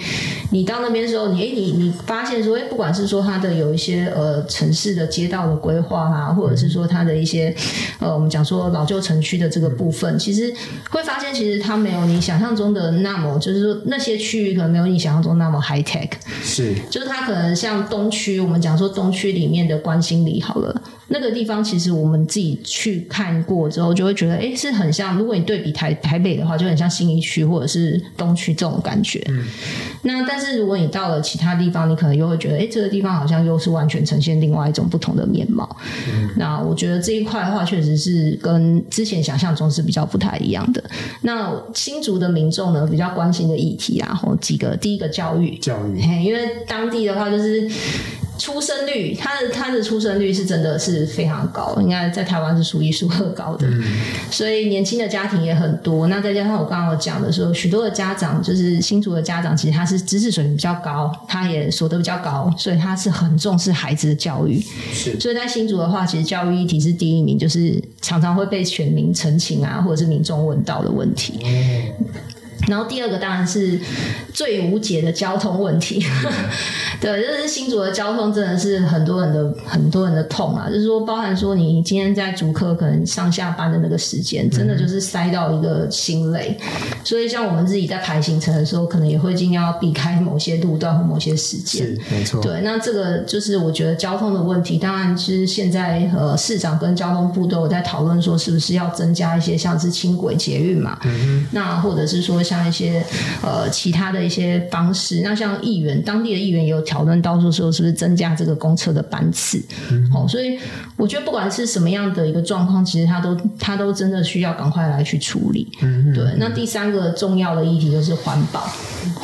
你到那邊的時候，你哎、欸，你你發。發現說，哎、欸，不管是說它的有一些呃城市的街道的規劃啊，或者是說它的一些呃，我們講說老舊城區的這個部分，其實會發現其實它沒有你想象中的那麼，就是說那些區域可能沒有你想象中那麼 high tech。是，就是它可能像東區，我們講說東區裡面的關心里好了那個地方，其實我們自己去看過之後，就會覺得，哎、欸，是很像。如果你對比台台北的話，就很像信義區或者是東區這種感覺。嗯。那但是如果你到了其他地方，你可能又會覺得，哎，這個地方好像又是完全呈現另外一種不同的面貌。嗯、那我覺得這一塊的話，確實是跟之前想象中是比較不太一樣的。那新竹的民眾呢，比較關心的議題啊，有幾個，第一個教育，教育，因為當地的話就是。出生率，他的他的出生率是真的是非常高，應該在台灣是數一數二高的，嗯、所以年輕的家庭也很多。那再加上我剛剛有講的說，許多的家長就是新竹的家長，其實他是知識水平比較高，他也所得比較高，所以他是很重視孩子的教育。所以在新竹的話，其實教育議題是第一名，就是常常會被選民陳情啊，或者是民眾問到的問題。嗯嗯然後第二個當然是最無解的交通問題， [LAUGHS] 對，就是新竹的交通真的是很多人的很多人的痛啊，就是說包含說你今天在竹科可能上下班的那個時間，真的就是塞到一個心累，嗯。所以像我們自己在排行程的時候，可能也會盡量要避開某些路段和某些時間，是沒錯。對，那這個就是我覺得交通的問題，當然其實現在呃，市長跟交通部都有在討論說，是不是要增加一些像是輕軌、捷運嘛，嗯。那或者是說。像一些呃其他的一些方式，那像議員當地的議員也有討論，到時候說是不是增加這個公車的班次，好、嗯哦，所以我覺得不管是什麼樣的一個狀況，其實他都他都真的需要趕快來去處理嗯，嗯，對。那第三個重要的議題就是環保，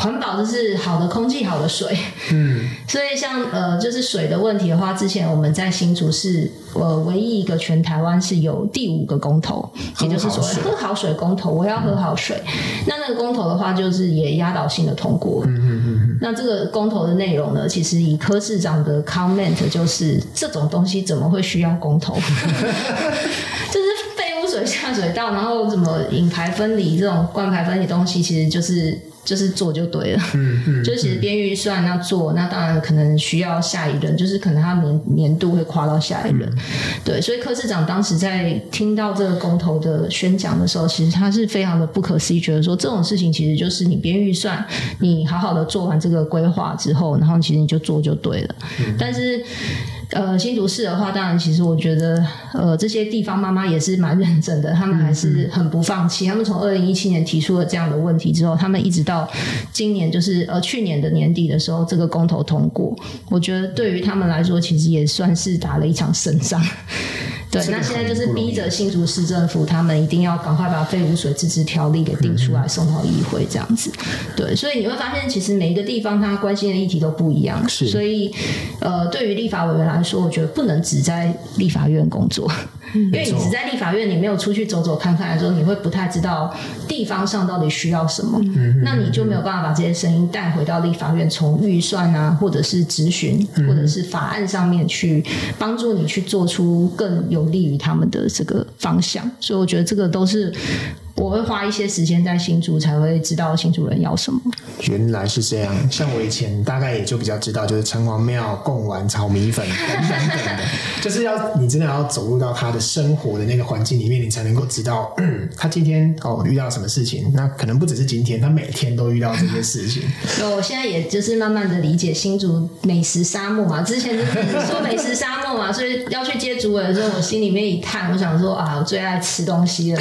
環保就是好的空氣、好的水，嗯。所以像呃就是水的問題的話，之前我們在新竹市。呃，唯一一個全台灣是有第五個公投，也就是所謂喝好水公投，我要喝好水。嗯、那那個公投的話，就是也壓倒性的通過、嗯哼哼。那這個公投的內容呢，其實以柯市長的 comment 就是這種東西怎麼會需要公投？ [LAUGHS] [LAUGHS] 就是廢污水下水道，然後怎麼引排分離這種灌排分離東西，其實就是。就是做就對了，嗯嗯，就其實編預算要做，嗯，那當然可能需要下一輪，就是可能他年年度會跨到下一輪，嗯，對，所以柯市長當時在聽到這個公投的宣講的時候，其實他是非常的不可思議，覺得說，這種事情其實就是你編預算，你好好的做完這個規劃之後，然後其實你就做就對了，嗯，但是呃新竹市的話，當然其實我覺得呃這些地方媽媽也是蠻認真的，他們還是很不放棄，嗯嗯，他們從二零一七年提出了這樣的問題之後，他們一直到。今年就是呃去年的年底的時候，這個公投通過，我覺得對於他們來說，其實也算是打了一場勝仗。對、這個，那現在就是逼着新竹市政府他們一定要趕快把廢污水自治條例給定出來，送到議會這樣子。對，所以你會發現，其實每一個地方他關心的議題都不一樣。是，所以呃，對於立法委員來說，我覺得不能只在立法院工作。因為你只在立法院，你沒有出去走走看看的時候，你會不太知道地方上到底需要什麼，嗯、那你就沒有辦法把這些聲音帶回到立法院，從預算啊，或者是質詢，或者是法案上面去幫助你去做出更有利於他們的這個方向。所以我覺得這個都是。我會花一些時間在新竹，才會知道新竹人要什麼。原來是這樣，像我以前大概也就比較知道，就是城隍廟貢丸、炒米粉等等等的， [LAUGHS] 就是要你真的要走入到他的生活的那個環境裡面，你才能夠知道、嗯、他今天哦遇到什麼事情。那可能不只是今天，他每天都遇到這些事情。 [LAUGHS] 我現在也就是慢慢的理解，新竹美食沙漠嘛，之前就是說美食沙漠嘛，所以要去接竹人的時候，我心裡面一嘆，我想說啊，我最愛吃東西了，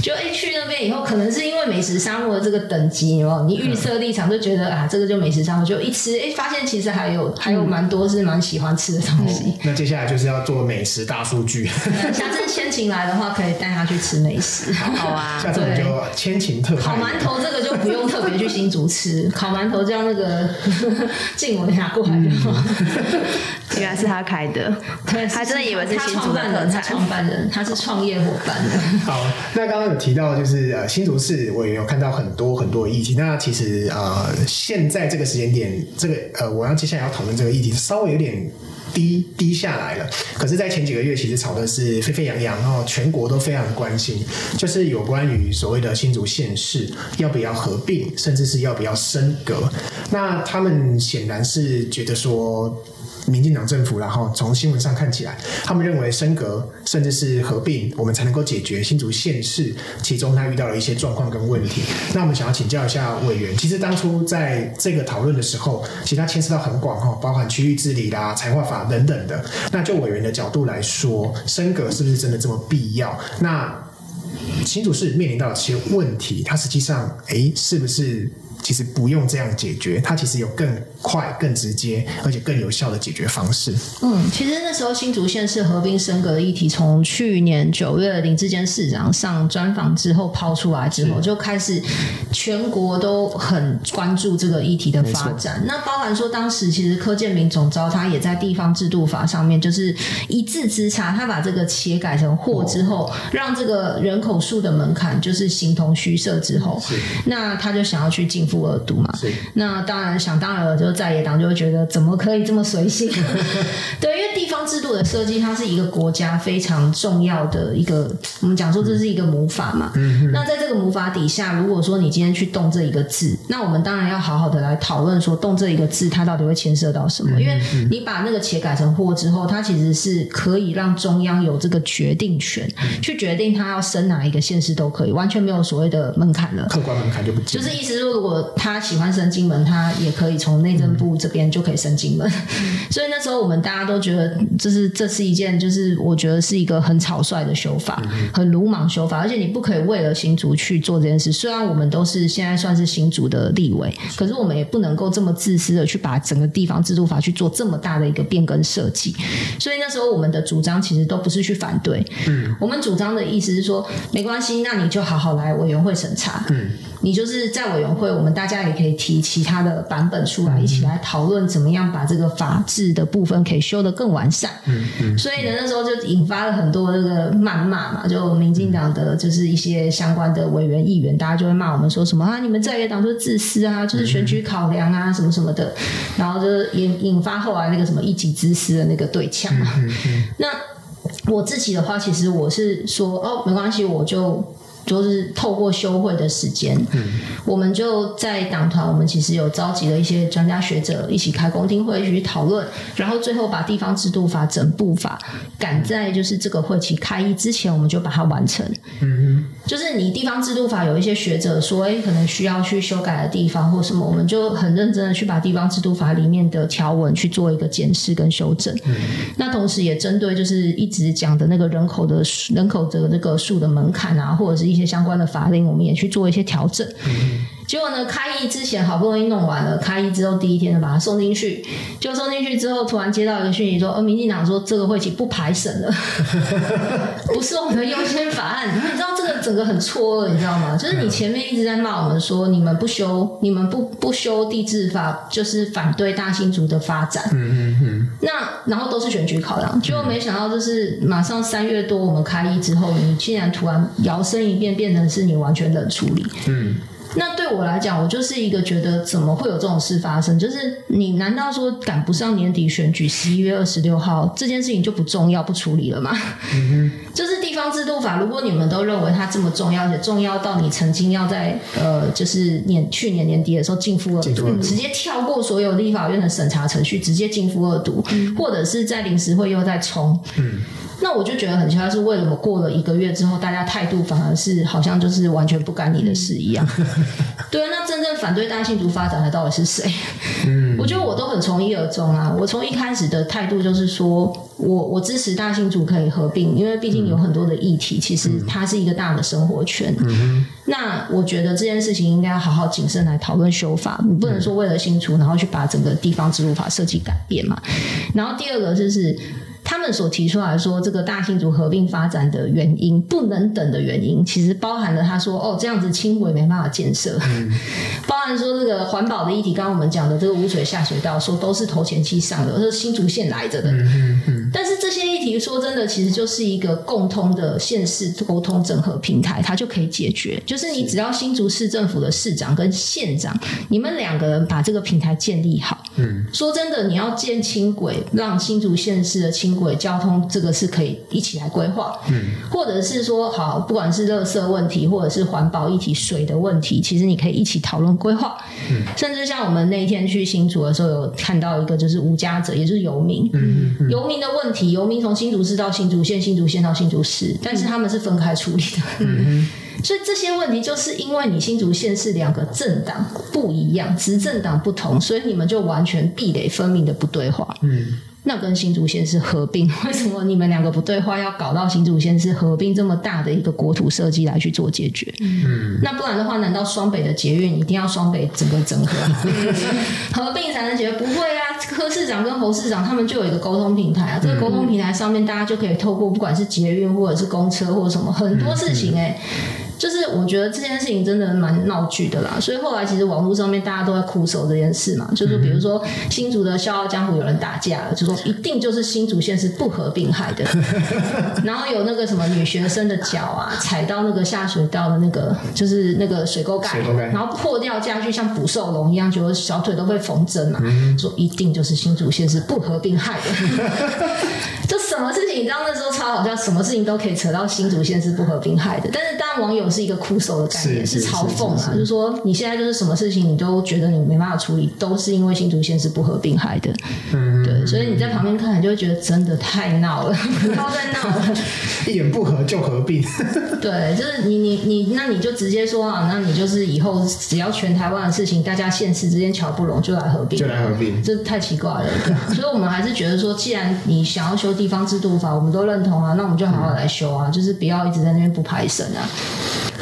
就。哎，去那邊以後，可能是因為美食沙漠這個等級，你有有，你預設立場就覺得、嗯、啊，這個就美食沙漠，就一吃，哎、欸，發現其實還有還有蠻多是蠻喜歡吃的東西、嗯哦。那接下來就是要做美食大數據。 [LAUGHS] 下次千晴來的話，可以帶他去吃美食。好啊，下次我們就千晴特烤饅頭，這個就不用特別去新竹吃 [LAUGHS] 烤饅頭，叫那個靜 [LAUGHS] 文拿過來就好。嗯 [LAUGHS] 原來是他開的對，他真的以為是新竹市創辦人，他是創業夥伴。好，那剛剛有提到就是呃新竹市，我也有看到很多很多議題。那其實呃現在這個時間點，這個呃我要接下來要討論這個議題，稍微有點低低下來了。可是，在前幾個月，其實炒的是沸沸揚揚，然後全國都非常關心，就是有關於所謂的新竹縣市要不要合併，甚至是要不要升格。那他們顯然是覺得說。民進黨政府，然後從新聞上看起來，他們認為升格甚至是合併，我們才能夠解決新竹縣市其中它遇到的一些狀況跟問題。那我們想要請教一下委員，其實當初在這個討論的時候，其實它牽涉到很廣，哈，包含區域治理啦、財劃法等等的。那就委員的角度來說，升格是不是真的這麼必要？那新竹市面臨到的一些問題，它實際上，哎、欸，是不是？其實不用這樣解決，它其實有更快、更直接，而且更有效的解決方式。嗯，其實那時候新竹縣市合併升格的議題，從去年九月林智堅市長上專訪之後拋出來之後，就開始全國都很關注這個議題的發展。那包含說，當時其實柯建銘總召他也在地方制度法上面就是一字之差，他把這個“且改成“或之後、哦，讓這個人口數的門檻就是形同虛設之後，那他就想要去進。負額度嘛，那當然想當然了，就在野黨就會覺得怎麼可以這麼隨性？ [LAUGHS] 對，因為地方制度的設計，它是一個國家非常重要的一個，我們講說這是一個母法嘛嗯嗯。嗯，那在這個母法底下，如果說你今天去動這一個字，那我們當然要好好的來討論說，動這一個字，它到底會牽涉到什麼、嗯嗯嗯？因為你把那個“且”改成“或”之後，它其實是可以讓中央有這個決定權，嗯、去決定它要升哪一個縣市都可以，完全沒有所謂的門檻了。客觀門檻就不就是意思說，如果他喜歡升金門，他也可以從內政部這邊就可以升金門。嗯、 [LAUGHS] 所以那時候我們大家都覺得這，就是這是一件，就是我覺得是一個很草率的修法，嗯嗯很魯莽修法。而且你不可以為了新竹去做這件事。雖然我們都是現在算是新竹的立委，可是我們也不能夠這麼自私的去把整個地方制度法去做這麼大的一個變更設計。所以那時候我們的主張其實都不是去反對。嗯。我們主張的意思是說，沒關係，那你就好好來委員會審查。嗯你就是在委員會，我們大家也可以提其他的版本出來，一起來討論怎麼樣把這個法制的部分可以修得更完善。嗯嗯。所以呢，那時候就引發了很多這個謾罵嘛，就民進黨的就是一些相關的委員議員，嗯、議員大家就會罵我們說什麼啊，你們在野黨就自私啊，就是選舉考量啊，嗯、什麼什麼的，然後就引引發後來那個什麼一己之私的那個對嗆。嗯嗯,嗯。那我自己的話，其實我是說哦，沒關係，我就。就是透過休會的時間，嗯，我們就在黨團，我們其實有召集了一些專家學者一起開公聽會一起去討論，然後最後把地方制度法整部法趕在就是這個會期開議之前，我們就把它完成。嗯嗯，就是你地方制度法有一些學者說，哎、欸，可能需要去修改的地方或什麼，我們就很認真的去把地方制度法裡面的條文去做一個檢視跟修正。嗯，那同時也針對就是一直講的那個人口的人口的這個數的門檻啊，或者是。一些相關的法令，我們也去做一些調整、嗯。結果呢，開議之前好不容易弄完了，開議之後第一天就把它送進去。就送進去之後，突然接到一個訊息說，呃，民進黨說這個會期不排審了， [LAUGHS] 不是我們的優先法案。 [LAUGHS] 你知道這個整個很錯愕，你知道嗎？就是你前面一直在罵我們說、嗯，你們不修，你們不不修地制法，就是反對大新竹的發展。嗯嗯嗯。那然後都是選舉考量，結果沒想到就是馬上三月多，我們開議之後，你竟然突然搖身一變，變成是你完全冷處理。嗯。那對我來講，我就是一個覺得怎麼會有這種事發生？就是你難道說趕不上年底選舉十一月二十六號這件事情就不重要、不處理了嗎？嗯哼，就是地方制度法，如果你們都認為它這麼重要，而且重要到你曾經要在呃，就是年去年年底的時候逕付二讀，逕付二讀、嗯，直接跳過所有立法院的審查程序，直接逕付二讀、嗯，或者是在臨時會又再衝，嗯。那我就覺得很奇怪，是為什麼過了一個月之後，大家態度反而是好像就是完全不干你的事一樣。 [LAUGHS] 對啊，那真正反對大新竹發展的到底是誰？嗯，我覺得我都很從一而終啊。我從一開始的態度就是說，我我支持大新竹可以合併，因為畢竟有很多的議題，其實它是一個大的生活圈。嗯，那我覺得這件事情應該要好好謹慎來討論修法，嗯、你不能說為了新竹，然後去把整個地方制度法設計改變嘛。然後第二個就是。他們所提出來說這個大新竹合併發展的原因，不能等的原因，其實包含了他說哦，這樣子輕軌沒辦法建設，嗯，包含說這個環保的議題，剛剛我們講的這個汙水下水道，說都是頭前期上的，是新竹縣來着的，嗯嗯嗯。但是這些議題說真的，其實就是一個共通的縣市溝通整合平台，它就可以解決。就是你只要新竹市政府的市長跟縣長，你們兩個人把這個平台建立好。嗯，說真的，你要建輕軌，讓新竹縣市的輕軌交通這個是可以一起來規劃，嗯，或者是說好，不管是垃圾問題，或者是環保議題水的問題，其實你可以一起討論規劃。嗯，甚至像我們那一天去新竹的時候，有看到一個就是無家者，也就是遊民。嗯嗯。遊民的問題，遊民從新竹市到新竹縣，新竹縣到新竹市，但是他們是分開處理的。 [LAUGHS] 嗯嗯。所以這些問題，就是因為你新竹縣是兩個政黨不一樣，執政黨不同，所以你們就完全壁壘分明的不對話。嗯。要跟新竹縣市合併，為什麼你們兩個不對話，要搞到新竹縣市合併這麼大的一個國土設計來去做解決？嗯，那不然的話，難道雙北的捷運一定要雙北整個整合嗎 [LAUGHS] [LAUGHS] 合併才能解決？不會啊，柯市長跟侯市長他們就有一個溝通平台啊，嗯嗯，這個溝通平台上面大家就可以透過不管是捷運或者是公車或者什麼很多事情哎、欸。嗯嗯就是我覺得這件事情真的蠻鬧劇的啦，所以後來其實網絡上面大家都在苦守這件事嘛，就是比如說新竹的《笑傲江湖》有人打架了，就說一定就是新竹縣市不合併害的。 [LAUGHS] 然後有那個什麼女學生的腳啊，踩到那個下水道的那個就是那個水溝蓋，然後破掉家具像捕獸籠一樣，覺得小腿都被縫針了， [LAUGHS] 說一定就是新竹縣市不合併害的。 [LAUGHS] 就什麼事情，你知道那時候超好笑，什麼事情都可以扯到新竹縣市不合併害的，但是當然網友。是一個苦手的概念，是嘲諷啊，是是是是就是說你現在就是什麼事情你都覺得你沒辦法處理，都是因為新竹縣市不合併害的，嗯，對，所以你在旁邊看你就會覺得真的太鬧了，都在鬧，一言不合就合併， [LAUGHS] 對，就是你你你，那你就直接說啊，那你就是以後只要全台灣的事情，大家縣市之間喬不攏，就來合併，就來合併，這太奇怪了。所以我們還是覺得說，既然你想要修地方制度法，我們都認同啊，那我們就好好來修啊，嗯、就是不要一直在那邊不排審啊。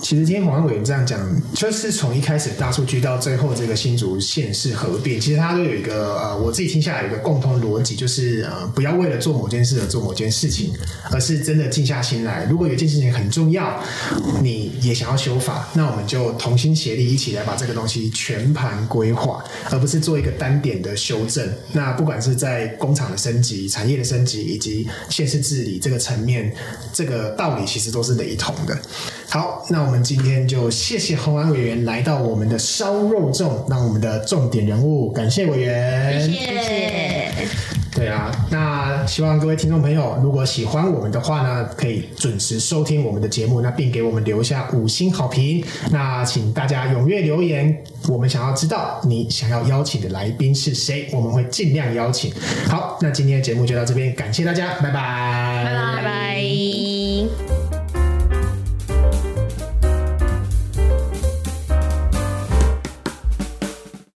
其實今天高委員這樣講，就是從一開始大數據到最後這個新竹縣市合併，其實他都有一個呃，我自己聽下來有一個共同邏輯，就是呃，不要為了做某件事而做某件事情，而是真的靜下心來。如果有一件事情很重要，你也想要修法，那我們就同心協力一起來把這個東西全盤規劃，而不是做一個單點的修正。那不管是在工廠的升級、產業的升級以及縣市治理這個層面，這個道理其實都是雷同的。好，那。我們今天就謝謝虹安委員來到我們的燒肉粽，讓我們的眾點人物感謝委員，謝謝。對啊，那希望各位聽眾朋友，如果喜歡我們的話呢，可以準時收聽我們的節目，那並給我們留下五星好評。那請大家踴躍留言，我們想要知道你想要邀請的來賓是誰？我們會盡量邀請。好，那今天的節目就到這邊，感謝大家，拜拜，拜拜，拜拜。